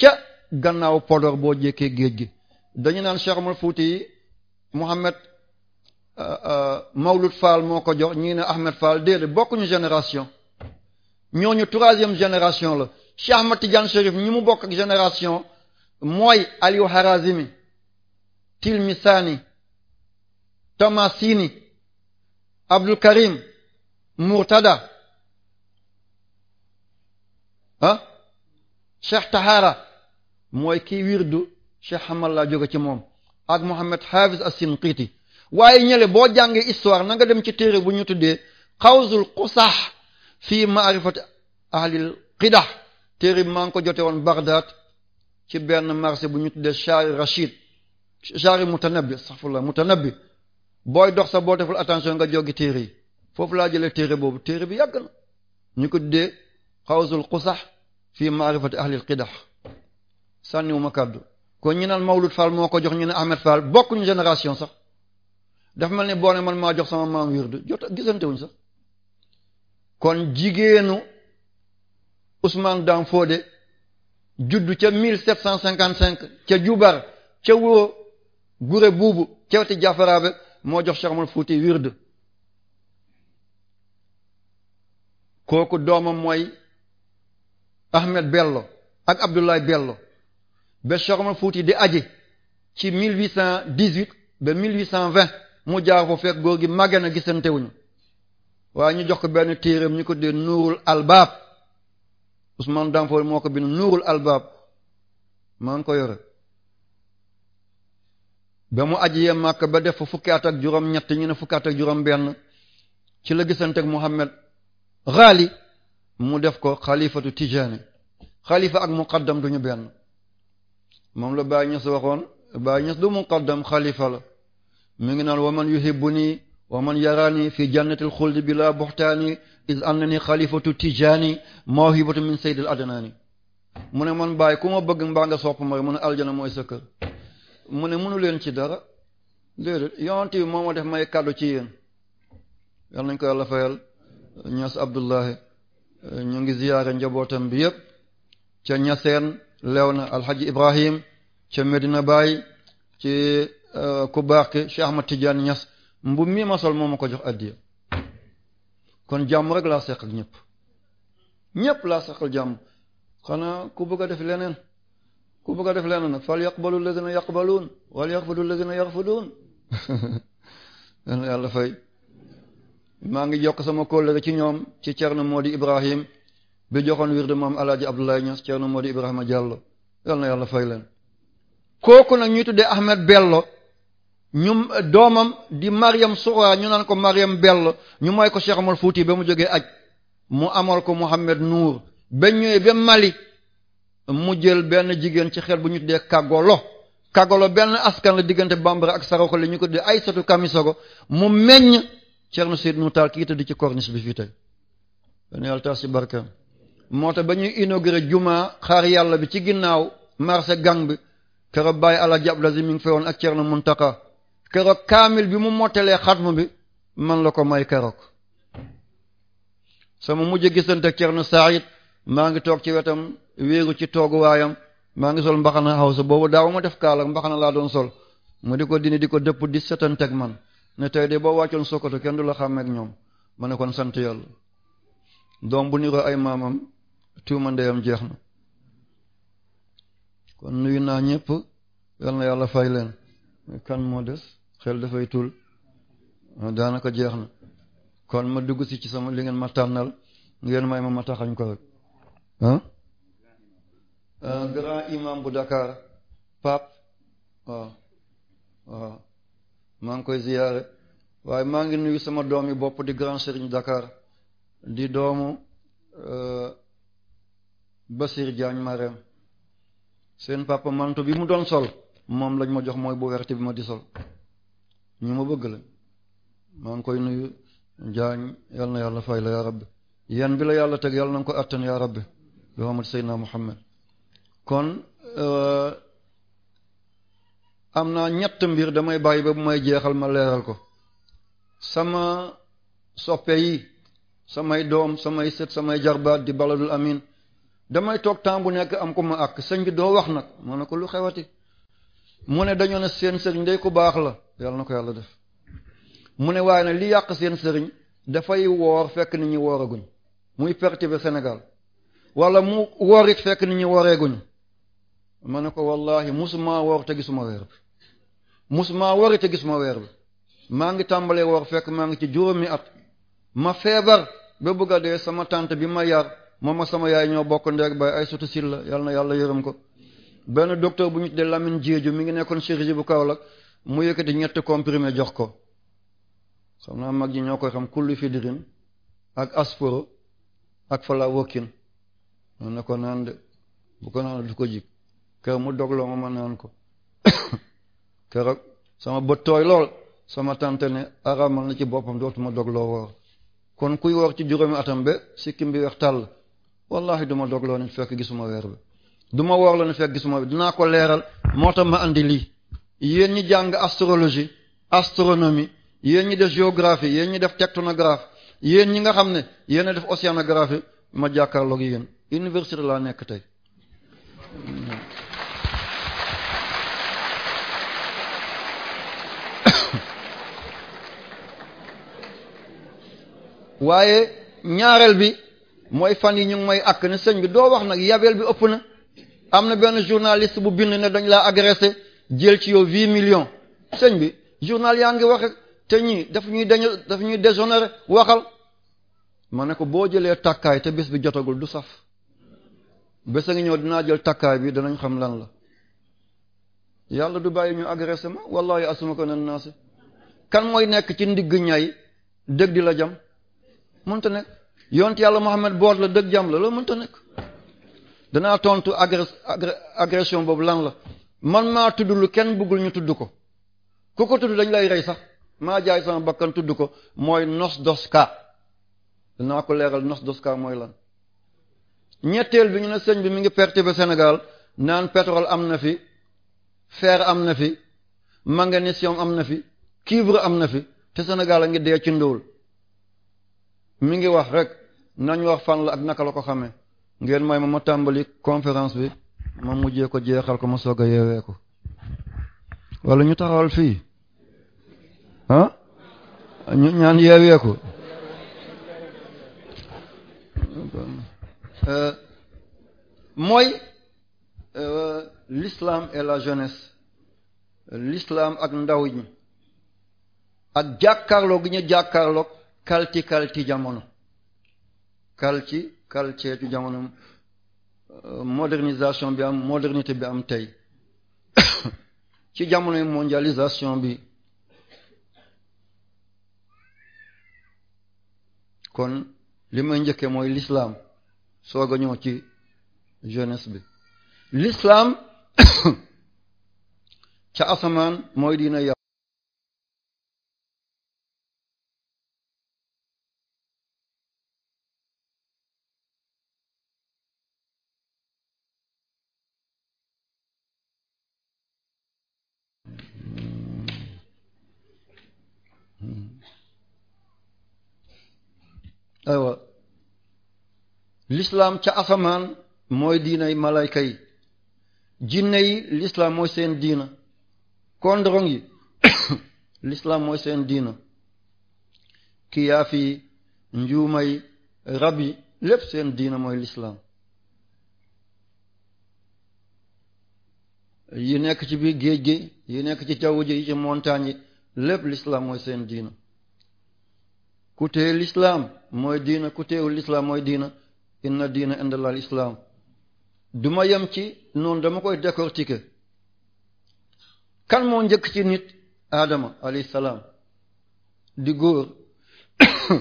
ca gannaaw Podor boo jekkee géej gi dañu naan Cheikh Omar Fouti Mohamed euh, euh, Mawlud Fall moo ko jox ñii ne Ahmed Fall déedéet bokkuñu génération ñooñu troisième génération la Cheikh Ahmed Tidiane Chérif ñi mu bokk ak génération mooy aliyu harazimi tilmisaani tomasini abdul karim murtada ah cheikh tahara mooy kii wirdu cheikh xamal laa jóge ci moom ak mohammed hafiz as-sinqiti waaye ñële boo jàngee histoire na nga dem ci téere bu ñu tuddee xawsul qusax fii maarifati ahlil qidah téere bi maa ngi ko jote woon Baghdad ci benn marché bu ñu tuddee Chari Rachid Chari Mutanabbi safula Mutanabbi booy dox sa boo deful attention nga joggi téere yi foofu laa jëlee téere boobu téere bi yàgg ñu ko tuddee xawsul xusax fii maarifati ahlil qidax sànniwuma kàddu kon ñu naan Mawlud Fall moo ko jox ñu ne Ahmed Fall bokkuñu génération sax def mel ni boo man maa jox sama maam wirdu jot gisante wuñ sax kon jigéenu Ousmane Dam Fodé juddu ca 1755 ca jubar ca wuro gure buubu ca weti jafaraabe moo jox Cheikh fuuti Fouti wird kooku doomam mooy Ahmed Bello ak Abdoulaye Bello ba Cheikh Omar Fouti di aji ci 1818 ba 1820 mu jaar foofu fekk góor gi màgge na gisantewuñu waaye ñu jox ko benn téeram ñu ko dee nuurul albaab Ousmane Danfoy moo ko bind Nuurul Albaab maa ngi ko yore ba mu aj ajiyee Makka ba def fa fukki at ak juróom ñett ñu ne fukki at ak juróom benn ci la gisante ak Muhammad Ghali mu def ko xalifatu Tijaani xalifa ak muqaddam duñu benn moom la Baay Ñas waxoon Baay Ñas du muqaddam xalifa la mi ngi naan waman yuhibbuni wa man yaraani fi jannatil xuldi bila buxtaani iz annani xalifatu tijaani mawhibatu min sayyidil adnaani mu ne man bàyyi ku ma bëgg mbaa nga sopp ma mu ne aljana mooy sa kër mu ne mënu leen ci dara déedéet yonent bi ma def may kàddu ci yéen yal nañ ko yàlla abdullahi ñu ngi ziyaare njabootam bi yëpp ca ñaseen lew na alhaji ibrahim ca Medina Baye ci euh, ku baax ki Cheikh Ahmad Tidiane mbubb mi ma sol moom ma ko jox addiya kon jàmm rek laa seqal ñëpp ñëpp laa seqal jàmm xanaa ku bëgg a def leneen ku bëgg a def leneen nag fal yaqbalu alladhina yaqbaluun wal yarfudu alladhina yarfuduun yàlla fay maa ngi jokk sama kóllëre ci ñoom ci Cerno Mody Ibrahim bi joxoon wirde moom Alaaji Abdoulaye Niass Cerno Mody Ibrahima Diallo yal na yàlla fay leen kooku nag ñuy tuddee Ahmed Bello ñu doomam di Mariam Soura ñu naan ko Mariam Bell ñu may ko Cheikh Omar Fouti ba mu jógee aj mu amal ko Mohamed Nour ba ñëwee ba Mali mu jël benn jigéen ci xel bu ñu dee Kagolo Kagolo benn askan la diggante Bambara ak Sarakole ñu ko tuddee Aysatu Kamisogo mu meññ Thierno mu Tall kii tëdd ci corniche bi fii tey. benn yàlla taas si barkeem moo tax ba ñuy inauguré juma xaar yàlla bi ci ginnaaw marché gang bi keroog bàyyi ala jàpp mi ngi feewoon ak Thierno Muntaka keroog kaamil bi mu mottalee mu bi man la ko may keroog sama mujj gisante ak Cerno Saïd maa ngi toog ci wetam wéeru ci tooguwaayam maa ngi sol mbaxana Hawsa boobu daaw ma def kaala mbaxana laa doon sol mu di ko dindi di ko dëpp di setante ak man ne tey de boo wàccoon Sokoto kenn du la xàmmeek ñoom ma ne kon sant yàlla doom bu niroo ay maamam tuuma ndeyam jeex na kon nuyu naa ñëpp yal yàlla fay leen kan moo des xel dafay tul ah, daanaka jeex na kon ma dugg si ci sama li ngeen ma tànnal ngeen may ma ma taxañ ko rek ah? ah grand imam bu Dakar Pape waaw ah, maa ngi koy ziyaare waaye maa ngi nuyu sama doom bopp di grand serigne Dakar di doomu Basir Diagne Marème seen papa manto bi mu doon sol moom lañ ma jox mooy bu werte bi ma di sol ñi ma bëgg la maa ngi koy nuyu jaañ yal na yàlla fay la yaa rabbi yan bi la yàlla teg yàlla na nga ko attan yaa rabbi bi Muhammad Seydina Muhammad kon euh, am naa ñett mbir damay bàyyi ba bu jeexal ma leeral ko sama soppe samay doom samay sët samay jarbaat di baladul amin damay toog temps bu nekk am ko ma àkk sëñ bi doo wax nag ma ne ko lu xewati mu ne dañoo ne seen sëriñ day ku baax la yàlla na ko yàlla def mu ne waaye nag li yàq seen sëriñ dafay woor fekk ni ñu wooraguñ muy perturber senegal wala mu woor it fekk ni ñu wooreeguñ ma ne ko wallahi musuma woor te gisuma weer bi musuma woor te gisuma weer bi maa ngi tàmbalee woor fekk maa ngi ci juróomi at ma feebar ba bëgg a dee sama tante bi ma yar moom sama yaay ñoo bokk ndeeg bay ay sutu sil la yàlla na yàlla yërëm ko benn docteur bu ñu tuddee Lamine Diédiou mi ngi nekkoon chirurgie bu Kaolack mu yëkkati ñett comprimé jox ko xam naa mag ñi ñoo koy xam kullu fidirin ak asporo ak fala wokkin man na ko naan de bu ko naan du ko jik kër mu dogloo ma ma naan ko keroog sama bët tooy lool sama tante ne araamal na ci boppam dootuma dogloo woor kon kuy woor ci juróomi atam be sikkim bi weex tàll wallahi duma dogloo ne fekk gisuma weer bi duma woor loo ne fekk gisuma weer dinaa ko leeral moo tax ma andi lii yéen ñi jàng astrologie astronomie yéen ñi def géographie yéen ñi def tectonographie yéen ñi nga xam ne yéen a def océanographie ma jàkkaarloog yéen université laa nekk tey waaye ñaareel bi mooy fan yi ñu mooy may àkk ne sëñ bi doo wax nag yabeel bi ëpp na am na benn journaliste bu bind ne dañ laa agressé jël ci yow huit million sëñ bi journal yaa ngi wax te ñii daf ñuy dañ daf ñuy déshonoré waxal ma ne ko boo jëlee takkaay te bés bi jotagul du saf bés a ngi ñëw dinaa jël takkaay bi danañ xam lan la yàlla du bàyyi ñu agressé ma wallahi asuma ko nen naasi kan mooy nekk ci ndigg ñay dëgg di la jam mënta nekk yont yàlla Muhammad boot la dëgg jam la loolu mënta nekk danaa tontu agré agression boobu lan la man maa tudd lu kenn bëggul ñu tudd ko ku ko tudd dañ lay rey sax maa jaay sama bakkan tudd ko mooy nos dos ka danaa ko leeral nos dos ka mooy lan ñetteel bi ñu ne sëñ bi mi ngi perte ba Sénégal naan pétrole am na fi fer am na fi magnésium am na fi cuivre am na fi te Sénégal a ngi dee ci ndóol mi ngi wax rek nañ wax fan la ak naka la ko xamee ngeen may ma ma tàmbali conférence bi ma mujjee ko jeexal ko ma soog a yeewee ko wala ñu taxawal fii ah ñu ñaan yeewee ko euh, mooy euh, l'islam et la jeunesse l'islam ak ndaw ñi ak jàkkaarloo gi ñu jàkkaarloo kalti kalti jamono kalti kalteetu jamono Euh, modernisation bi am modernité bi am tey ci jamonoy mondialisation bi kon li may njëkke mooy l'islam soog a ñëw ci jeunesse bi l'islam ca asamaan mooy diina lislaam ca asamaan mooy diinay malayka yi jinne yi lislaam mooy seen diina kondrong yi lislaam mooy seen diina kiyaaf yi njuuma yi rab yi lépp seen diina mooy lislaam yi nekk ci biir géej gi yi nekk ci jaww ji yi ci montagne yi lépp lislaam mooy seen diina ku lislaam mooy diina ku téewu lislaam mooy diina inna diina indallah islam duma yem ci noonu dama koy décortiquer kan moo njëkk ci nit Adama alayhi salaam di góor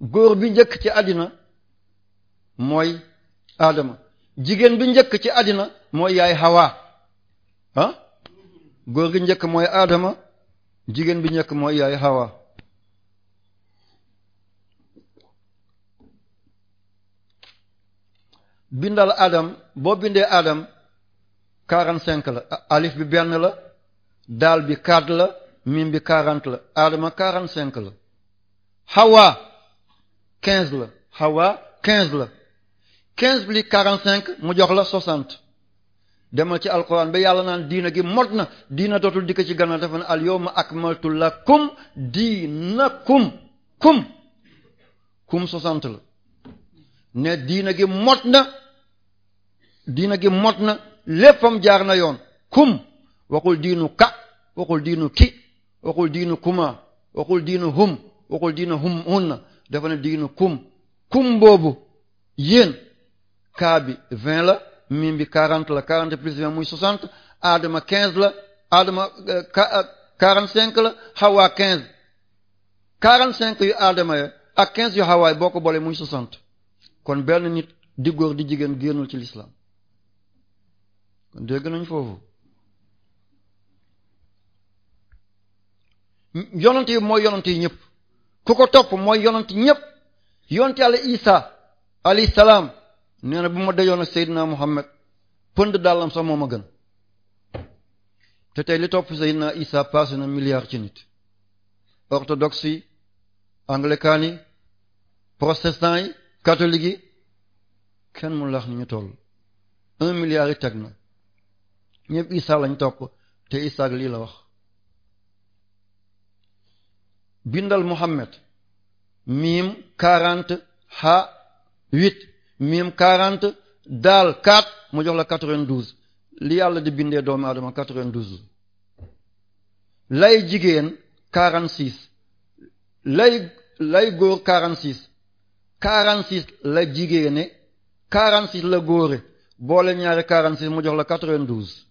góor bi njëkk ci àddina mooy Adama jigéen bi njëkk ci àddina mooy yaay Hawa ah? góor gi njëkk mooy Adama jigéen bi ñekk mooy yaay Hawa bindal Adam boo bindee Adam quarante cinq la alif bi benn la daal bi quatre la mim bi quarante la Adama quarante cinq la Hawa quinze la Hawa quinze la quinze plus quarante cinq mu jox la soixante demal ci alquran be yàlla naan diina gi mot na diina dootul dikk ci gannaaw dafa ne al yawma akmaltu lakum kum kum soixante la ne diina gi mot na diina gi mot na léppam jaar na yoon kum waxul diinu ka waxul diinu ki waxul diinu kuma waxul diinu hum waxul diinu hum hunna dafa diinu kum kum boobu yéen kaa bi la mim bi quarante la quarante plus vingt muy soixante Adama quinze la Adama euh, euh, quarante cinq la Hawa quinze quarante cinq yu Adama ya ak quinze yu Hawa boo ko boole muy soixante kon benn nit di góor di jigéen génnul ci l'islam kon dégg nañ foofu yonent yi mooy yonent yi ñëpp ku ko topp mooy yonent ñëpp yonent yàlla Isa alayhi salaam nee na bu ma dajoon ak Seydina Muhammad pënd dàllam sax moo ma gën te tey li topp Seydina Isa passé na milliard ci nit orthodoxe yi anglican yi kenn mu lax ni ñu toll un milliard yi teg na ñëpp Isa lañ topp te Isa lii la wax bindal Muhammad miim quarante ha huit miim 40 daal 4 mu jox la 92 li yàlla di bindee doomu aadama 92 lay jigéen 46 lay lay góor 46 46 la jigéene 46 la góore boole ñaari mu jox la 92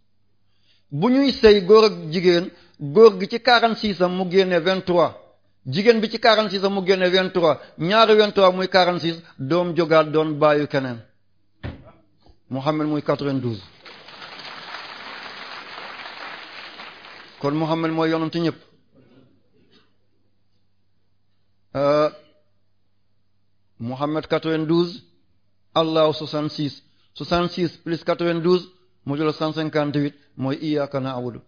bu ñuy sëy góor ak jigéen góor gi ci 46 mu génne 23. jigéen bi ci 46 am mu génne ñaar ñaari 23 muy 46 doom jógaat doon baayu keneen Mouhamed muy 92 kon Mouhamed mooy yonantu ñëpp Mouhamed 92 Allah 66 66 plus 92 mu jël 158 mooy iyyaka na'budu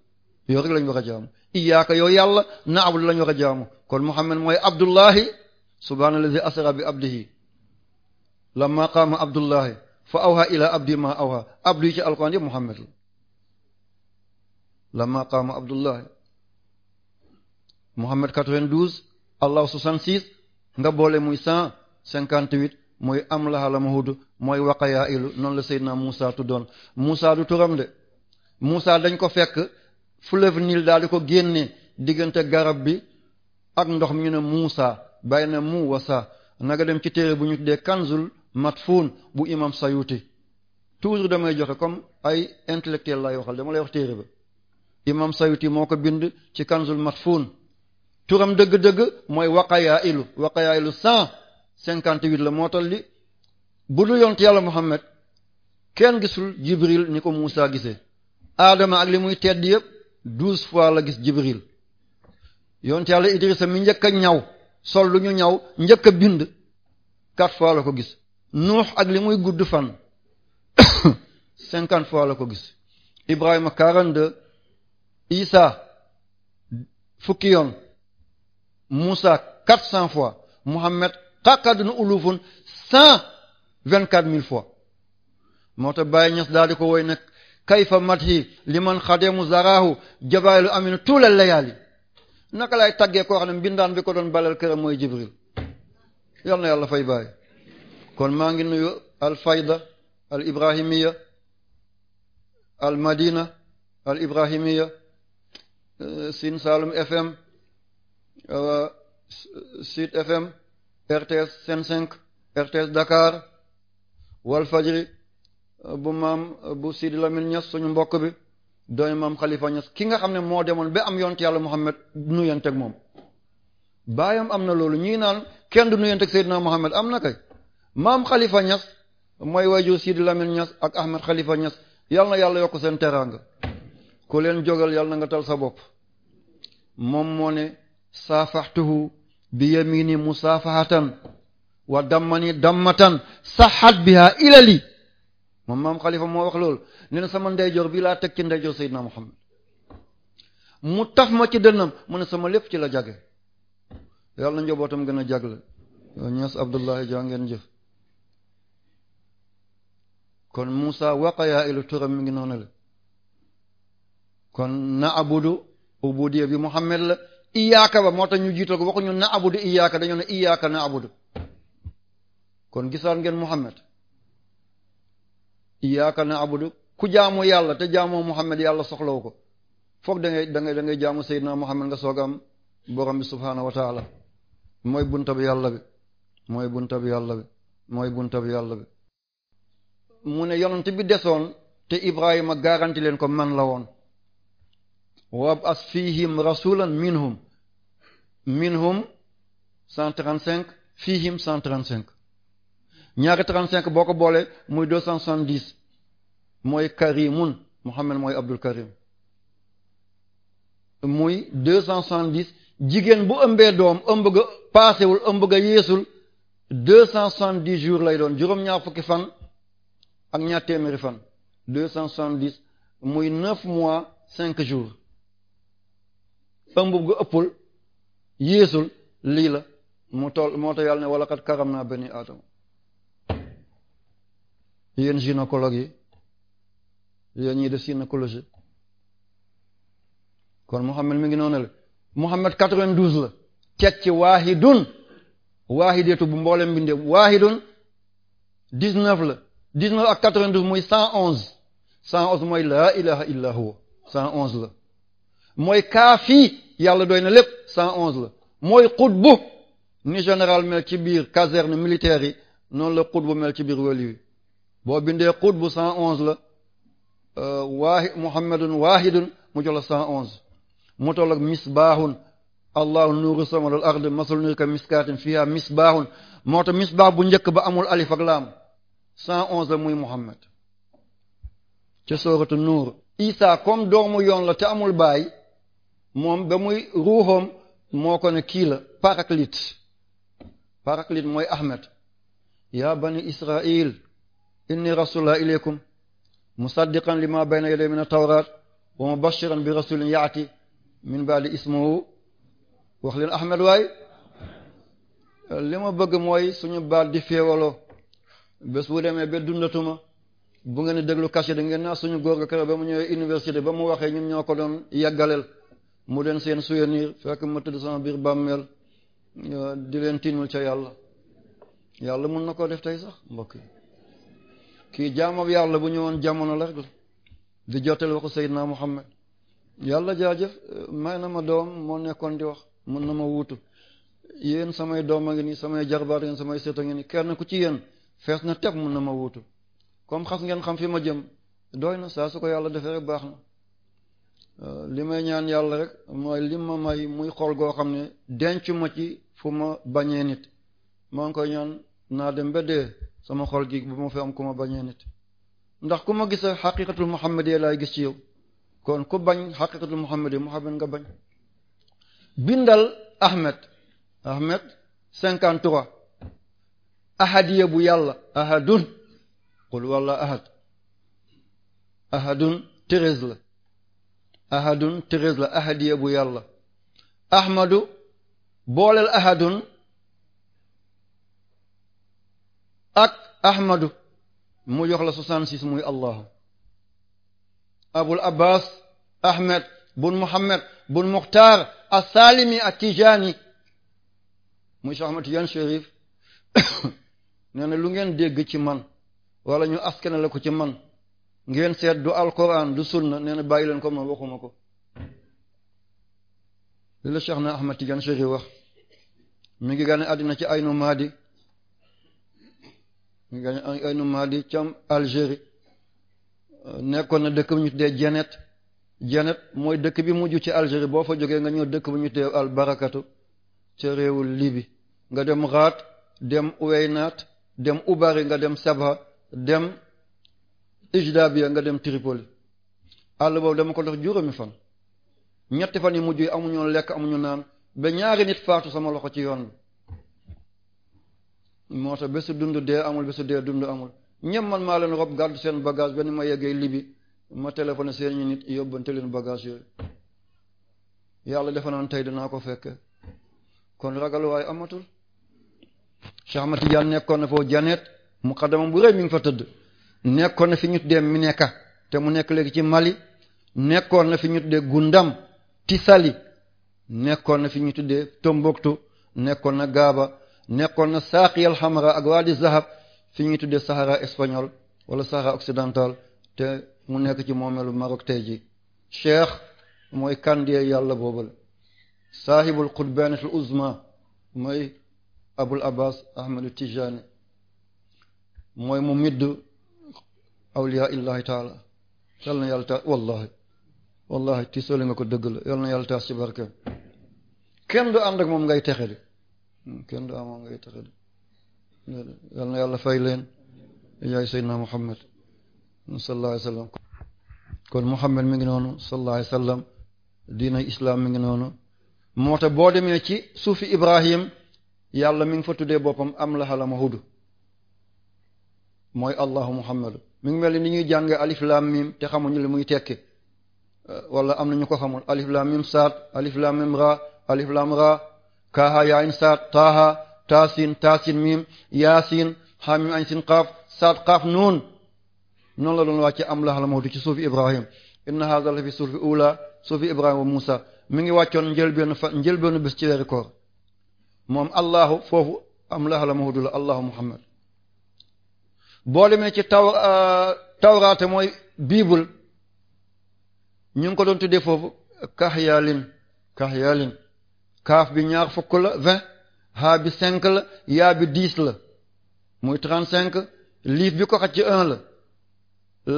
yow rek lañu war a jaamu iyaaka yow yàlla na abdu lañu war a jaamu kon muhammad mooy abdullahi subhaana allazi asra bi abdihi lamma qaama abdullahi fa awha ila abdi ma awha abdu yi ci alquran yëpp muhammad la lamma qaama abdullahi muhammad 92 allah 66 nga boole muy 158 mooy am laha la mahud mooy waqayaa ilu noonu la seydina Musa tuddoon Musa du turam de Musa dañ ko fekk fleuve Nil daal di ko génne diggante garab bi ak ndox mi ñu ne Muusa bàyyi na mu wasa naga dem ci téere bu ñu dee tuddee Kanzul Matfun bu imam Sayuti toujours damay joxe comme ay intellectuel lay waxal dama lay wax téere ba imam Sayuti moo ko bind ci Kanzul Matfun turam dëgg-dëgg mooy waqayaa ilu yaa ilu cent cinquante huit la moo tal li bu dul yont yàlla Muhammad kenn gisul Jibril ni ko Muusa gisee Adama ak li muy tedd yëpp douze fois la gis jibril yonent yàlla Idrissa mi njëkk a ñaw sol lu ñu ñaw njëkk a bind quatre fois la ko gis nuux ak li muy gudd fan cinquante fois la ko gis Ibrahima quarante deux Isa fukki yoon Moussa quatre cent fois Muhammad xaqaduna ulufun cent vingt quatre mille fois moo tax Baye Niass daal di ko woy nag kayfa mathi liman xademu zarahu jabailu aminu tuulal layaali naka lay taggee koo xam ne mbindaan bi ko doon balal këram mooy jibril yal na yàlla fay bàyyi kon maa ngi nuyu alfayda fayda al ibrahimiya al madina al ibrahimiya euh, Sine Saloum FM euh, Sud FM RTS 5 RTS Dakar Walfajri bu maam bu Sidi Lamine Niass suñu mbokk bi dooy maam Khalifa Niass ki nga xam ne moo demoon ba am yonent yàlla Muhammad nuyanteeg moom baayam am na loolu ñii naan kenn du nuyanteeg Seydina Muhammad am na kay maam Khalifa Niass mooy wajur Sidi Lamine Niass ak Ahmed Khalifa Niass yàlla na yàlla yokk seen teraanga ku leen jógal yàlla na nga tal sa bopp moom moo ne saafaxtuhu bi yamini musaafahatan wa dammani dammatan saxat biha ilali moom maam xalifa moo wax loolu nee na sama ndeyjoor bi laa teg ci ndeyjoor Seydina Muhammad mu taf ma ci dënnam mu ne sama lépp ci la jage yàlla njabootam gën a jagle ñees Abdullahi jaa ngeen jëf kon Moussa waqayaa ilu turam mi ngi noonu la kon na abudu ubudiya bi Muhammad la iyaaka ba moo tax ñu jiital ko waxuñu na abudu iyaaka dañoo ne iyaaka na abudu kon gisaan ngeen Muhammad na na'budu ku jaamu yàlla te jaamoo Muhammad yàlla soxlaw ko foog da ngay da ngay da ngay jaamu Seydina Muhammad nga soog am borom bi subhaanahu wa taala mooy bunta bi yàlla bi mooy bunta bi yàlla bi mooy bunta bi yàlla mu ne yonent bi desoon te Ibrahima garanti leen ko man la woon wab as fiihim rasulan minhum minhum cent trente cinq fiihim cent cinq ñaari 35 boo ko boolee muy 270 mooy Karimun Muhammad mooy Abdul Karim muy 270 jigéen bu ëmbee doom ëmb ga paasewul ëmb ga cent yeesul 270 jours lay doon juróom-ñaar fukki fan ak ñaar téeméeri fan 270 muy 9 mois 5 jours ëmb ga ëppul yéesul lii la mu toll moo tax yàlla ne wala kat karam naa bani aadama yéen gynécologue yi yéen ñiy def gynécologie kon Muhammad mu ngi noonu la Muhammad 92 la teg ci waahidun waahideetu bu mboolem bi ndéem waahidun 19 la 19 ak 92 muy 111 111 mooy laa ilaha illa huwa 111 la mooy kaafi yàlla dooy na lépp 111 la mooy xutbu ni général mel ci biir caserne militaire yi noonu la xutbu mel ci biir wàll boo bindee qutbu cent onze la euh, waahi muhammadun waahidun mu jox la cent onze mu toll ak misbaahun allahu nuuru samawati wal ardi masal nuuri ka miskaatin fiha misbaahun moo tax misbaah bu njëkk ba amul alif ak laam cent onze la muy muhammad ca sooratu nuur isa comme doomu yoon la te amul baay moom ba muy ruuxoom moo ko ne kii la paraclite mooy ahmed yaa bani israil inni rasulullah ilaykum musaddiqan lima bayna yaday min at-tawrat wa mubashiran bi rasulin yaati min ba'di ismuhu wax leen ahmed waay li ma bëgg mooy suñu baal di féewaloo bés bu demee ba dundatuma bu ngeen déglu kàcce da ngeen naa suñu góor ga keroog ba mu ñëwee université ba mu waxee ñun ñoo ko doon yàggaleel mu deen seen su fekk ma tëdd sama biir bàmmeel di leen tiinul ca yàlla yàlla mun na koo def tey sax mbokk yi kii jaamab yàlla bu ñu woon jamono la rek la di jottali waxu Seydina Muhammad yàlla jaajëf may na ma doom moo nekkoon di wax mën na ma wutu yéen samay doom a ngi nii samay jarbaat ngeen samay seet a ngi nii kenn ku ci yéen fees na teb mun na ma wuutu comme xas ngeen xam fi ma jëm doy na saa su ko yàlla defee rek baax na euh, li may ñaan yàlla rek mooy li ma may muy xool goo xam ne denc ma ci fu ma bañee nit maa ngi koy ñaan naa dem ba dee sama xol gi bu mu fi am ku ma bañee nit ndax ku ma gis a xaqiqatul muhammadiya laay gis ci yow kon ku bañ xaqiqatul muhammadiya muhammad nga bañ bindal Ahmed Ahmed cinquante trois ahadiya bu yàlla ahadun qul walla ahad ahadun treize la ahadun treize bu yàlla ahmadu booleel ahadun ak ahmadu mu jox la soixante-six muy allahu abul abbas ahmed bun muhammad bun mukhtar asalimi ak tijani muy Cheikh Ahmad Tidiane Chérif nee na lu ngeen dégg ci man wala ñu askane la ko ci man ngeen seet du alquran du sunna nee na bàyyi leen ko ma waxuma ko li la na Ahmad Tidiane Chérif wax mi ngi gane àddina ci aynu maadi ñu gañe Aïn Madi cam Algérie nekkoon na dëkk bi ñu tuddee Jenet Jenet mooy dëkk bi mujj ci algerie boo fa jógee nga ñëw dëkk bi ñu tuddee al barakatu ca réewu Libi nga dem Raat dem Uweynaat dem Ubari nga dem Sabha dem Ijdabiya nga dem Tripoli àll boobu dama ko dox juróomi fan ñetti fan yi mujj yi amuñu lekk amuñu naan ba ñaari nit faatu sama loxo ci yoon bi moo tax bésu dund dee amul bésu dee dund amul ñëpp man maa leen rob gàddu seen bagage benn ma yeggee libi ma téléphoné seen nit yóbbante leen bagage yooyu yàlla defe naa tey danaa ko fekke kon ragal waaye amatul Cheikh nekkoon na foofu janet muqaddama bu rëy mi fa tëdd nekkoon na fi ñu tuddee Mineka te mu nekk léegi ci Mali nekkoon na fi ñu tuddee Gundam Tisali nekkoon na fi ñu tuddee Tombouctou nekkoon na Gaaba nekkoon na saaqiyal xamra ak waadi zahab fi ñuy tuddee Sahara espagnol wala Sahara occidental te mu nekk ci moomeelu Maroc tey ji cheikh mooy kandie yàlla boobal saahibul qutbanatul uzma mooy abul abbas ahmadu tijani mooy mu midd awliya illahi taala yal na yàlla taas wallahi wallahi nga ko dëgg la na yàlla taas ci barke kenn du ànd moom ngay texeli kenn du amoo ngay taxadi yal na yàlla fay leen yaay seydina muhammad sallallahu alayhi wasallam kon muhammad mi ngi noonu sallallahu alayhi diina islam mi ngi noonu moo tax boo demee ci suufi ibrahim yàlla mi ngi fa tuddee boppam am la xalama hudu mooy allahu muhammadu mi ngi mel ni ñuy jànge alif lam te xamuñu li muy tekki wala am na ñu ko xamul alif lam saat alif lam mim ra alif كاها يا عين ساد طه تاسين تاسين ميم ياسين حاميم عين سين قاف ساد قاف نون noonu la doon am la xala mawtu ci suufi ibrahim inna hadha la fi suufi ula suufi ibrahim wa musa mi ngi wàccoon njëlbéenu fa njëlbéenu bés koor moom allahu foofu am la xala mawtu la allahu muhammad boo demee ci taw ah, mooy bible ñu ngi ko doon tuddee foofu kahyalin kahyalin kaaf bi ñaar fukk la vingt haa bi cinq la yaa bi dix la muy trent cinq liif bi ko xaj ci un la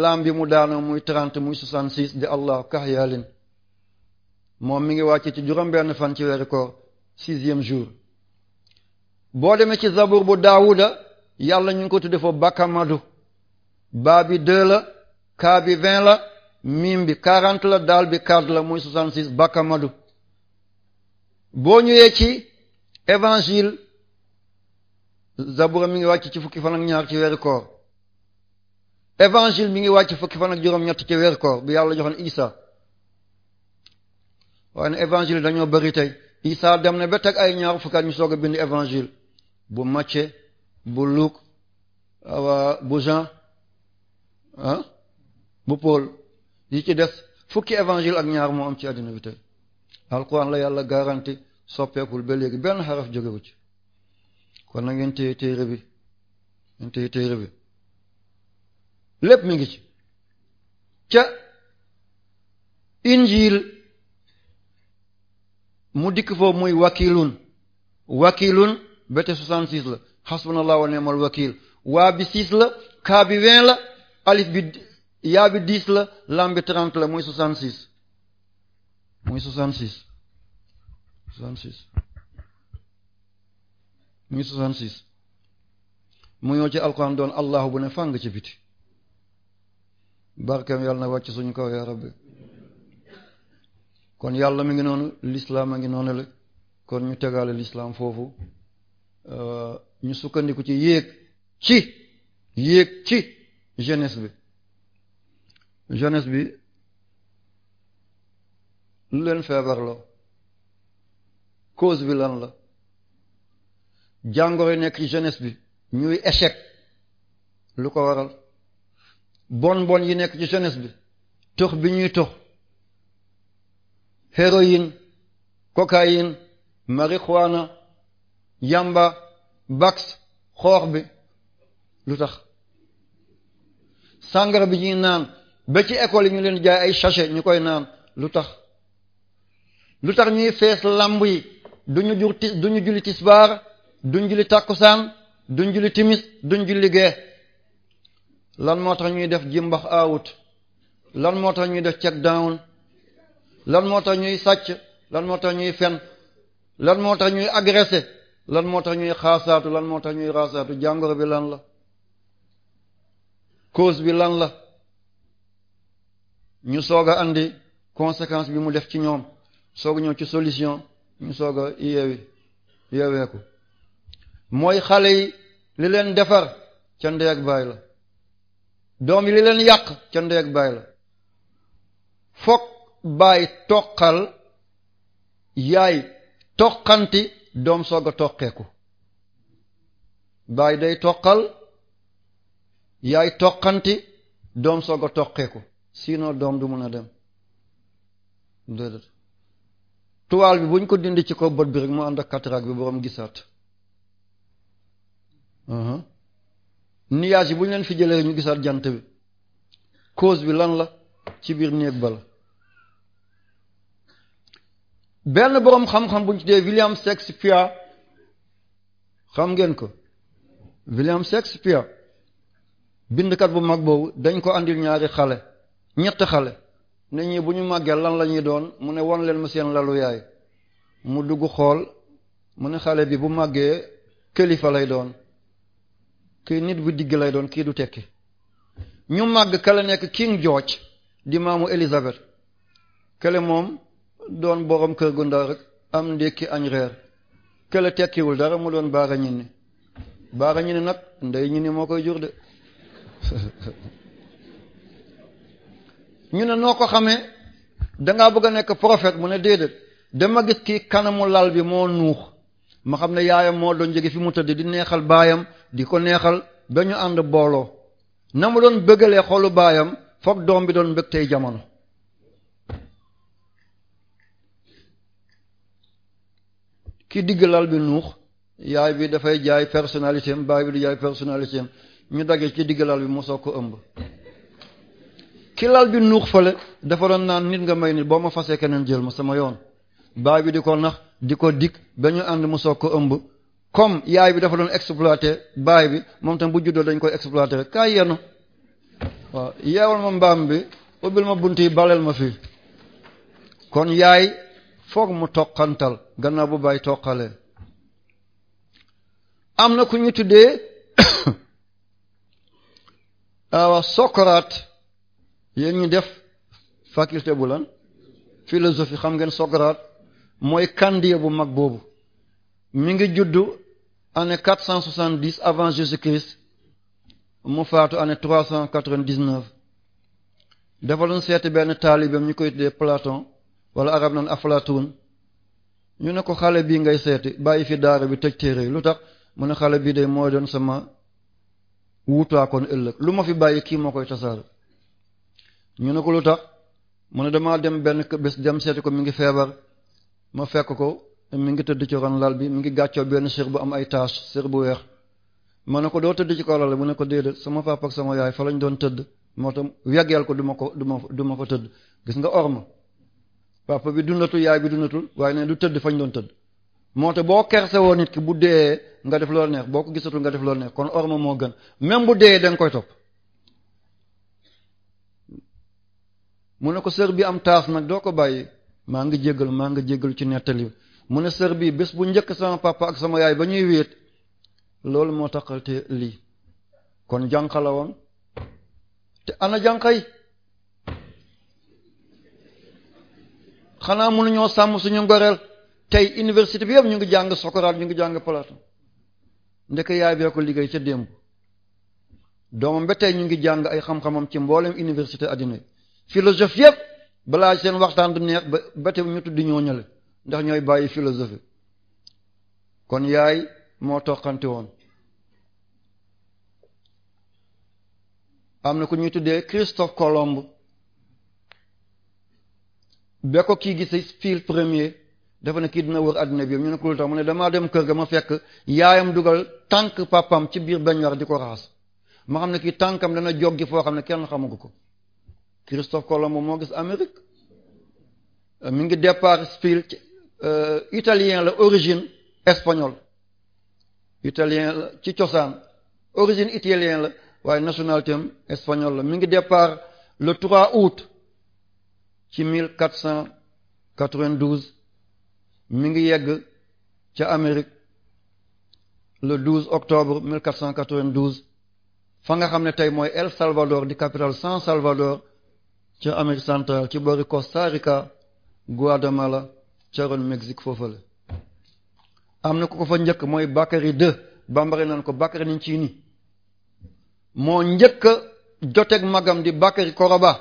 laam bi mu daanoo muy trent muy soixante six di allah kax moom mi ngi wàcce ci juróom fan ci weeru koor sixième jour boo demee ci zabur bu daawuda yàlla ñu ngi ko tudde fa bakamadu baa bi deux la kaa bi vingt la miim bi quarante la daal bi quatre la muy soixante six bakamadu boo ñëwee ci évangile zabura mi ngi wàcc ci fukki fan ñaar ci weeru koor évangile mi ngi wàcc fukki fan ak juróom-ñett ci weeru koor bi yàlla joxoon Isa waaye ne évangile dañoo bëri tey Isa dem na ba teg ay ñaar fukkaat ñu soog a bind évangile bu Matthieu bu Luc awa ah, bu Jean ah bu Paul yi ci des fukki évangile ak ñaar moo am ci àddina bi tey alquran la yàlla garanti soppeekul ba léegi benn xaraf jógewu ci kon na ngeen téye téere bi ngeen téye bi lépp mi ngi ci ca injil mu dikk foofu muy wakilun wakilun bete soixante six la xasbunallahu wa ni'mal wakil waa bi six la kaa bi vingt la alif bi yaa bi dix la lam bi la muy soixante six muy soixante six soixante six muy soixante mu ñoo ci alquran doon allahu bu ne fàng ci biti barkeem yàlla na wàcc suñu kaw yaa rabbi kon yàlla mi ngi noonu lislaam a ngi noonu la kon ñu tegaale lislaam foofu euh, ñu sukkandiku ci yéeg ci yéeg ci jeunesse bi jeunesse bi lu leen feebarloo cause bi lan la jàngoro yi nekk ci jeunesse bi ñuy échec lu ko waral bon bon yi nekk ci jeunesse bi tox bi ñuy tox héroïne cocaïne marijuana yamba bax xoox bi lu tax sàngara bi ñuy naan ba ci école yi ñu leen jaay ay sachet ñu koy naan lu tax lu tax ñuy fees làmb yi duñu jur ti duñu julli tisbaar duñ julli tàkkusaan duñ julli timis duñ julli gee lan moo tax ñuy def jimbax awut lan moo tax ñuy def check down lan moo tax ñuy sàcc lan moo tax ñuy fen lan moo tax ñuy agressé lan moo tax ñuy xaasaatu lan moo tax ñuy raasaatu jàngoro bi lan la cause bi lan la ñu soog a andi conséquence bi mu def ci ñoom soog ñëw ci solution ñu soog a yeewi yeeweeku mooy xale yi li leen defar ca ndey ak baay la doom yi li leen yàq ca ndey ak baay la fokk baay toqal yaay toqanti doom soog a toqeeku baay day toqal yaay toqanti doom soog a toqeeku sinon doom du mën a dem tuwaal bi buñ ko dindi ci ko bët bi rek mu ànd ak cataracte bi borom gisaat nuages yi bu ñu leen fi jëlee rek ñu gisaat jant bi cause bi lan la ci biir néeg bala benn boroom xam-xam buñ ci dee William Shakespeare xam ngeen ko William Shakespeare bindkat bu mag boobu dañ ko andil ñaari xale ñett xale ne ñi bu ñu màggee lan la ñuy doon mu ne wan leen ma seen lalu yaay mu dugg xool mu ne xale bi bu màggee kilifa lay doon kii nit bu digg lay doon kii du tekki ñu màgg kale nekk King George di maamu Elizabeth kale moom doon borom kër gu rek am ndékki añ reer kale tekkiwul dara mu doon baara ñinni baara ñinni nag ndey ñinni moo koy jur de ñu ne noo ko xamee dangaa bëgg a nekk prophète mu ne déedéet dama gis kii kanamu lal bi moo nuux ma xam ne yaayam moo doon jege fi mu tëdd di neexal baayam di ko neexal ba ñu ànd booloo na mu doon bëggalee xolu baayam foog doom bi doon bëgg tey jamono ki digg lal bi nuux yaay bi dafay jaay personnalité am baay bi du jaay personnalité ñu daggee ci digg lal bi mosoo ko ëmb ki lal bi nuux fale dafa doon naan nit nga may nit boo ma fasee keneen jël ma sama yoon baay bi di ko nax di ko dikk ba ñu ànd mu soog ko ëmb comme yaay bi dafa doon exploité baay bi moom tam bu juddoo dañ koy exploité rek kaay yenu waaw yeewal ma mbaam bi ubbil ma bunt yi baleel ma fii kon yaay foog mu toqantal gannaaw bu baay toqalee am na ku ñu tuddee ah, awa Socrate yéen ñu def faculté bu lan philosophie xam ngeen Socrate mooy Candide bu mag boobu mi ngi juddu année quatre cent soixante dix avant Jésus-Christ mu faatu année trois cent quatre vingt dix neuf dafa doon seeti benn taalibeem ñu koy dee Platon wala arab naan Aflatoon ñu ne ko xale bii ngay seeti bàyyi fi daara bi tëj téere yi lu tax mu ne xale bii de mooy doon sama wuutaakoon ëllëg lu ma fi bàyyi kii moo koy tasaare ñu ne ko lu tax mu ne damaa dem benn bés dem seeti ko mi ngi feebar ma fekk ko mi ngi tëdd ci ron lal bi mi ngi gàccoo benn sér bu am ay tache sér bu weex ma ne ko doo tëdd ci kaw lal bi mu ne ko déedéet sama papa ak sama yaay fa lañ doon tëdd moo tax weggeel ko du ma ko du ma du ma fa tëdd gis nga orma papa bi dundatul yaay bi dundatul waaye ne du tëdd fañ doon tëdd moo tax boo kersewoo nit ki bu dee nga def loo neex boo ko gisatul nga def loo neex kon orma moo gën même bu dee da nga koy topp mu ne ko sër bi am taas nag doo ko bàyyi maa ngi jéggalu maa ngi jéggalu ci nettali mu ne sër bés bu njëkk sama papa ak sama yaay ba ñuy wéet loolu moo taxalte lii kon jànq la woon te ana jànqay xanaa mënuñoo sàmm suñu ngoreel tey université bi yëpp ñu ngi jàng Socrate ñu ngi jàng Platon ndeke yaay bee ko liggéey ca démb doomam ba tey ñu ngi jàng ay xam-xamam ci mboolem université addina yi philosophie yëpp balaa seen waxtaan du neex ba ba te ñu tudd ñoo ndax ñooy bàyyi philosophie kon yaay moo toqante woon am na ku ñuy tuddee Christophe Colomb ba kii gis fil premier dafa ne kii dina wër adduna bi ñu ne ko lu tax mu ne damaa dem kër ga ma fekk yaayam dugal tànk papam ci biir bañwaar di ko raxas ma xam ne kii tànkam dana joggi foo xam ne kenn xamugu ko Christophe Colombo moo gis Amérique euh, mi ngi départ spirit euh, italien la origine espagnole italien ci cosaan origine italien la waaye nationalité am espagnole la mi ngi départ le 3 août ci 1492 mi ngi yegg ca Amérique le 12 octobre 1492 fa nga xam ne tey mooy El Salvador di capitale San Salvador ca Amérique centrale ci boori Costa Rica Guatemala ca ron Mexique foofu la am na ku ko fa njëkk mooy Bakary II bambare naan ko Bakary niñ ci ni moo njëkk joteeg magam di Bakary Koroba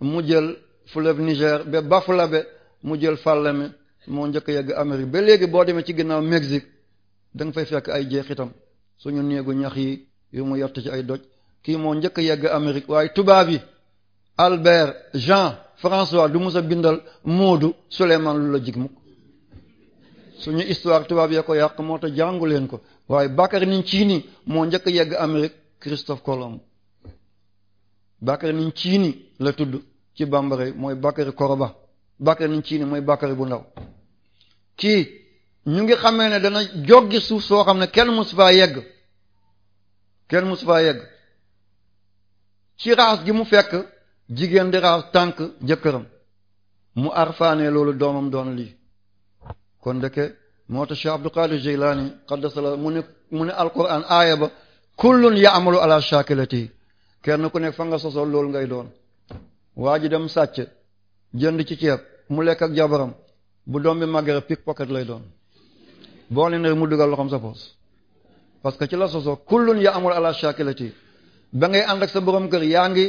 mu jël fleuve Niger ba Bafoulabé mu jël Falémé moo njëkk yegg Amérique ba léegi boo demee ci ginnaaw Mexique da nga fekk ay jeexitam suñu néegu ñax yi yu mu yott ci ay doj kii moo njëkk yegg Amérique waaye tubaab yi Albert Jean François du musa bindal Moodu Souleymane lu la jig mukk suñu histoire tubaab yee ko yàq moo tax jàngu leen ko waaye Bakary Nincini moo njëkk yegg Amérique Christophe Colomb Bakary Nincini la tudd ci bambara mooy Bakary Koroba ni Nincini mooy Bakary bu ndaw kii ñu ngi xamee ne dana joggi suuf soo xam ne kenn musu faa yegg kenn musu faa yegg ci raas gi mu fekk jigéen di raar tànk jëkkëram mu arfane loolu doomam doon lii kon ndeke moo tax Cheikh Abdul Qadir Jilani qaddasala mu ne mu ne alquran aaya ba kullun yaamalu ala shakilati kenn ku nekk fa nga sosol loolu ngay doon waa ji dem sàcc jënd ci ceeb mu lekk ak jabaram bu doom bi màggara pickpocket lay doon boo ne ne mu dugal loxoom sa poos parce que ci la sosoo kullun yaamalu ala shakilati ba ngay ànd sa borom kër yaa ngi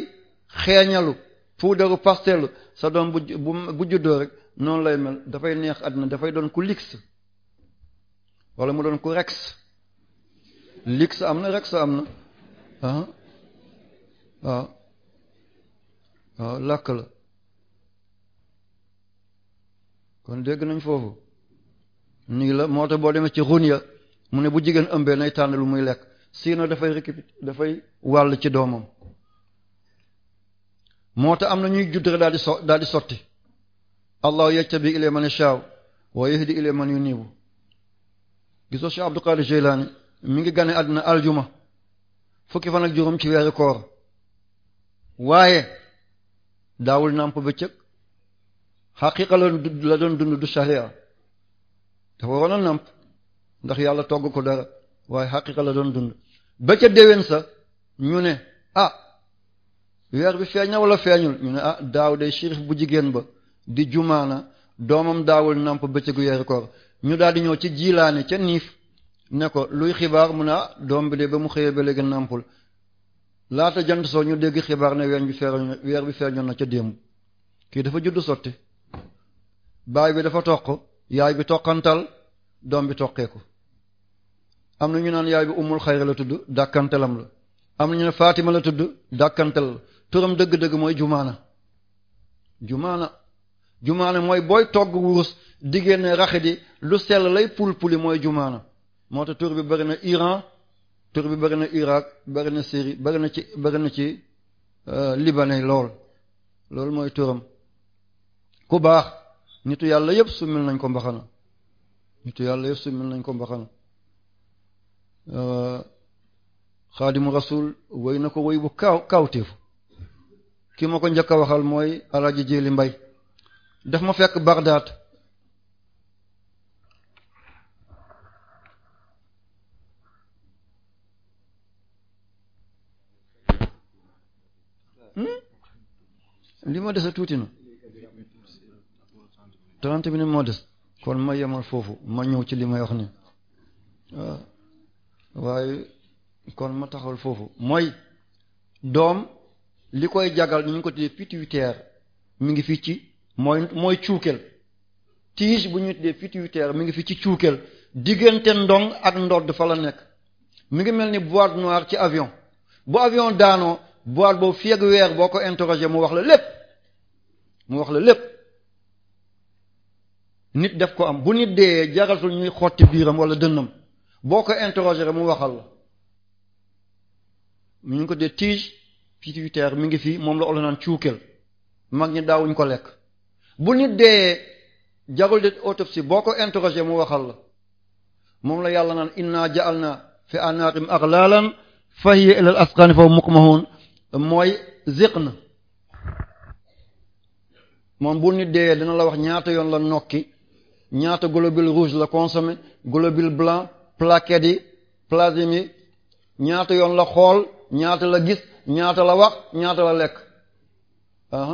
xeeñalu puudaru pastelu sa doom bu bu juddoo rek noonu lay mel dafay neex àddina dafay doon ku lix wala mu doon ku rex lix am na rex am na waaw ah, ah, waaw ah, làkk la kon dégg nañ foofu nii la moo tax boo demee ci ya mu ne bu jigéen ëmbee nay tànn lu muy lekk siino dafay récupérer dafay wàll ci doomam moo tax am na ñuy judd rek daal di so daal di sotti allahu yajtabi ilay man yashaa wa yahdi ilay man yunibu gisoo Cheikh Abdul Qadir Jilani mi ngi gane àddina aljuma fukki fan ak juróom ci weeru koor waaye daawul nàmp bëccëg xaqiqa la doon dund du sharia dafa waroon a nàmp ndax yàlla togg ko dara waaye xaqiqa la doon dund ba ca déwén sa ñu ne ah weer bi feeñ na wala feeñul ñu ne ah daaw de shérif bu jigéen ba di jumaana doomam daawul ba bëccëgu weeru koor ñu daal di ñëw ci jilaane ca niif ne ko luy xibaar mu ne ah doom bi de ba mu xëyee ba léegi nàmpul laata jant soo ñu dégg xibaar ne weer bi feeñoon weer bi feeñoon na ca démb kii dafa judd sotti baay bi dafa toq yaay bi toqantal doom bi toqeeku am na ñu naan yaay bi umul xayra la tudd dàkkantalam la am na ñu ne Fatima la tudd dàkkantal turam dëgg-dëgg mooy jumaana jumaana jumaana mooy booy togg wurus diggéen raxi di lu sel lay pul puli mooy jumaana moo tax tur bi bëri na Iran tur bi bëri na Irak bëri na Syrie na ci bëri na ci euh, libanais lool loolu mooy turam ku baax nitu yàlla yëpp summil nañ ko mbaxana nitu yàlla yëpp summil nañ ko mbaxana euh, xaadimu rasul woy na ko woy bu kaw kawteefu ki ma ko njëkk a waxal mooy alaji jili mbay daf ma fekk Bagdad hmm? li ma dese tuuti na trente minutes moo des kon ma yemal foofu ma ñëw ci li may wax ni waaye kon ma taxawal foofu mooy doom li koy jagal ñu ngi ko tuddee pituitaire mu ngi fii ci mooy mooy cuukel tige bu ñu tuddee pituitaire mi ngi fii ci cuukel diggante ndong ak ndodd fa la nekk mi ngi mel ni boîte noire ci avion bu avion daanoo boîte boobu fii weer boo ko interroger mu wax la lépp mu wax la lépp nit def ko am bu nit dee jaratul ñuy xotti biiram wala dënnam boo ko interroger mu waxal la ñu ko dee tige pituitaire mi ngi fi moom la olo naan cuukeel mag ñi daawuñ ko lekk bu nit dee jarul de autopsie boo ko interroger mu waxal la moom la yàlla naan inna na fi anaqim aghlalan fa hiya ila al-asqani fa muqmahun mooy ziqna moom bu nit dee dina la wax ñaata yoon la nokki ñaata globule rouge la consommé globule blanc plaquettes yi plasme ñaata yoon la xool ñaata la gis ñaata la wax ñaata la lekk ah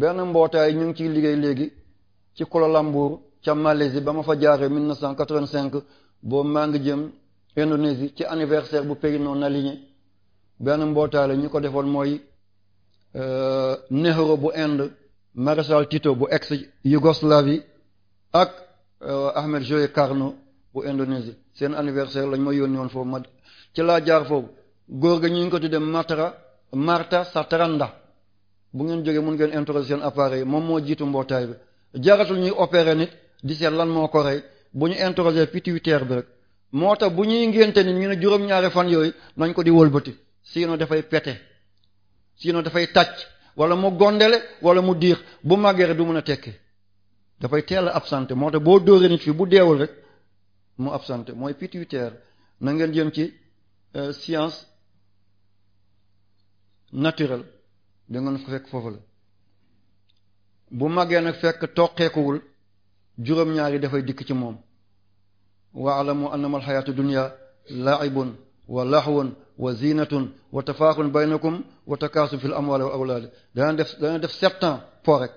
benn mbootaay ñu ngi ciy liggéey léegi ci Kuala-Lumpur ca Malaisie ba ma fa jaaree 1985 boo maa ngi jëm Indonésie ci anniversaire bu pays non aligné benn mbootaay la ñu ko defoon mooy euh, Nehru bu Inde maréchal Tito bu ex Yougoslavie ak euh, Ahmed Joe Carnot bu Indonésie seen anniversaire lañ ma yónni woon foofu ma ci laa jaar foofu góor ga ñu ngi ko tuddee Marta Marta Sataranda bu ngeen jógee mun ngeen introduire seen appareil moom moo jiitu mbootaay bi jaratul ñuy opérer nit di seet lan moo ko rey bu ñu introduire pituitaire bi rek moo tax bu ñuy ngénte nit ñu ne juróom-ñaari fan yooyu nañ ko di wëlbati sinon dafay pété sinon dafay tàcc wala mu gondele wala mu diir bu màggee rek du mun a tekki dafay teel a absenté moo tax boo dóoree nit fi bu deewul rek mu absenté mooy pituitaire na ngeen jëm ci euh, science naturel da ngeen fekk foofu la bu màggee nag fekk toqeekuwul juróom-ñaari dafay dikk ci moom waalamu annama alxayaatu dunia laaibun wa lahwun wa zinatun wa tafaaxun baynakum wa takaasu fi l amwaali wal awlaadi dana def dana def sept ans po rek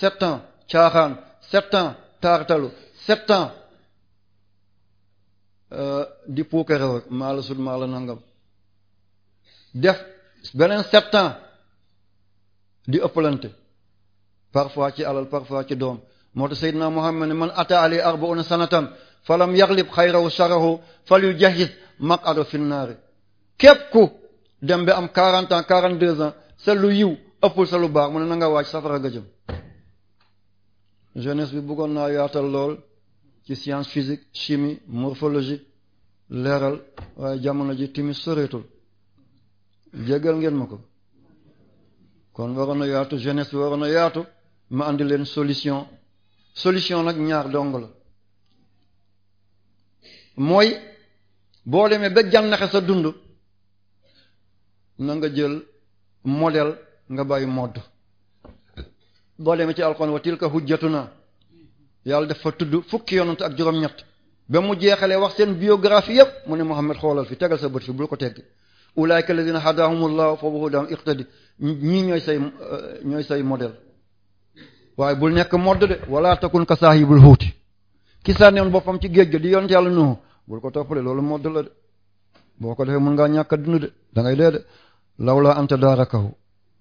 sept ans caaxaan sept ans taartalu sept ans euh, di puukarew rek maa la sut maa la nangam def beneen sept ans di ëppalante parfois ci alal parfois ci doom moo tax Seydina Muhammad ne man ata ali arbauna sanatan falam yaxlib xayrahu sharahu fal yu jahiz maqado fi naari képp ku dem am quarante ans quarante deux yiw ëppul sa lu baax mu ne na nga waaj safara nga jëm jeunesse bëggoon naa yaatal lool ci science physique chimie morphologie leeral waaye jamono ji soreetul jéggal ngeen ma ko kon waroon na yaatu jeunesse waroon na yaatu ma andi leen solution solution nag ñaar dong la mooy boo demee ba jànnaxe sa dund na nga jël modèle nga bàyyi modd boo demee ci alxuraan wa tilka hujjatuna yàlla dafa tudd fukki yonent ak juróom-ñett ba mu jeexalee wax seen biographie yëpp mu ne Muhammad xoolal fi tegal sa bët fi bul ko teg ulaayka alladhina hadahumullahu fa bi hudahum ñooy say ñooy say modèle waaye bul nekk modd de wala takun ka saahibul huuti ki sànnewoon boppam ci géej ga di yonent yàlla Nuux bul ko toppale loolu modd la de boo ko defee mën nga ñàkk a dund de da ngay dee de lawla anta daarakahu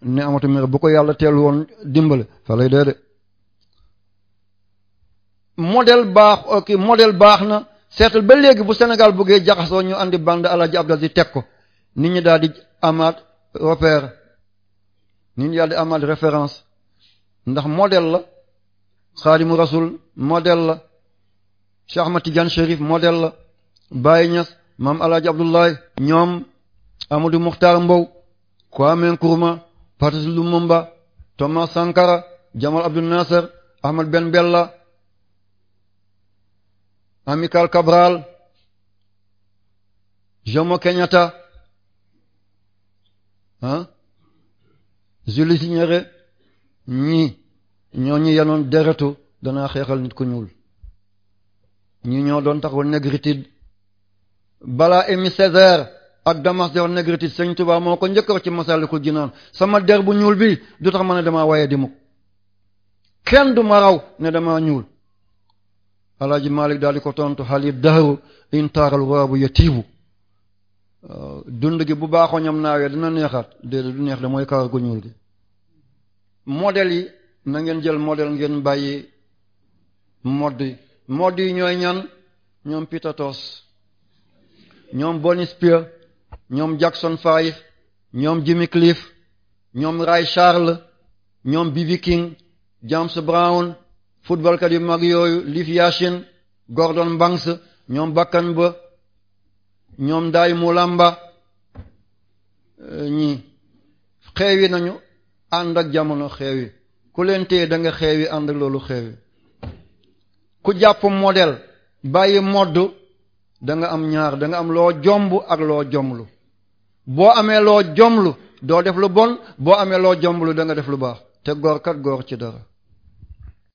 ne amatu mi bu ko yàlla teel woon dimbale fa lay dee de modèle baax ok modèle baax na seetal ba léegi bu Sénégal buggee jaxasoo ñu andi bande Alaaji Abdou Aziz teg ko nit ñi daal di amaat repère ndax modèle la Xaadimu model modèle la Cheikh Ahmad Tidiane Chérif modèle la Baye Niass maam Alaaji Abdoulaye ñoom Amadou Mokhtar Mbow Kwame Nkrumah Patrice Lumumba Thomas Sankara Jamal Abdel Nasser Ben Bella Amilcar Cabral Jomo Kenyatta ah jullit si ñere ñi ñoo ñu yenoon deretu danaa xeexal nit ku ñuul ñi ñoo doon taxawal négritude balaa Aimé Césaire ak Damas di wax négritude Sëñ Tuubaa moo ko njëkk wax ci Masaalikul Jinaan sama der bu ñuul bi du tax ma ne damaa waaye di mukk kenn du ma raw ne damaa ñuul alaaji Malik daal di ko tontu xalib dahru intaaral waabu yatiibu Euh, dund gi bu baaxoo ñam naawee dina neexaat déedéet du neex de mooy kawar gu ñuul gi modèle yi na jël modèle ngeen bàyyi modd yi modd yi ñooy ñan ñoom Peter Tosh ñoom Bonnie Spear ñoom Jackson Five ñoom Jimmy Cliff ñoom Ray Charles ñoom B.B. James Brown footballkat yu mag yooyu Liv Yashin Gordon Banks ñoom Bakkan Ba ñoom daay mu ñii xewwi nañu ànd ak jamono xeewi ku leen téye da nga xeewi ànd ak loolu xeewi ku jàpp model bàyyi modd danga am ñaar danga am loo jomb ak loo jomblu boo amee loo jomblu doo def lu bon boo amee loo jomblu da nga def lu baax te góor kat góor ci dara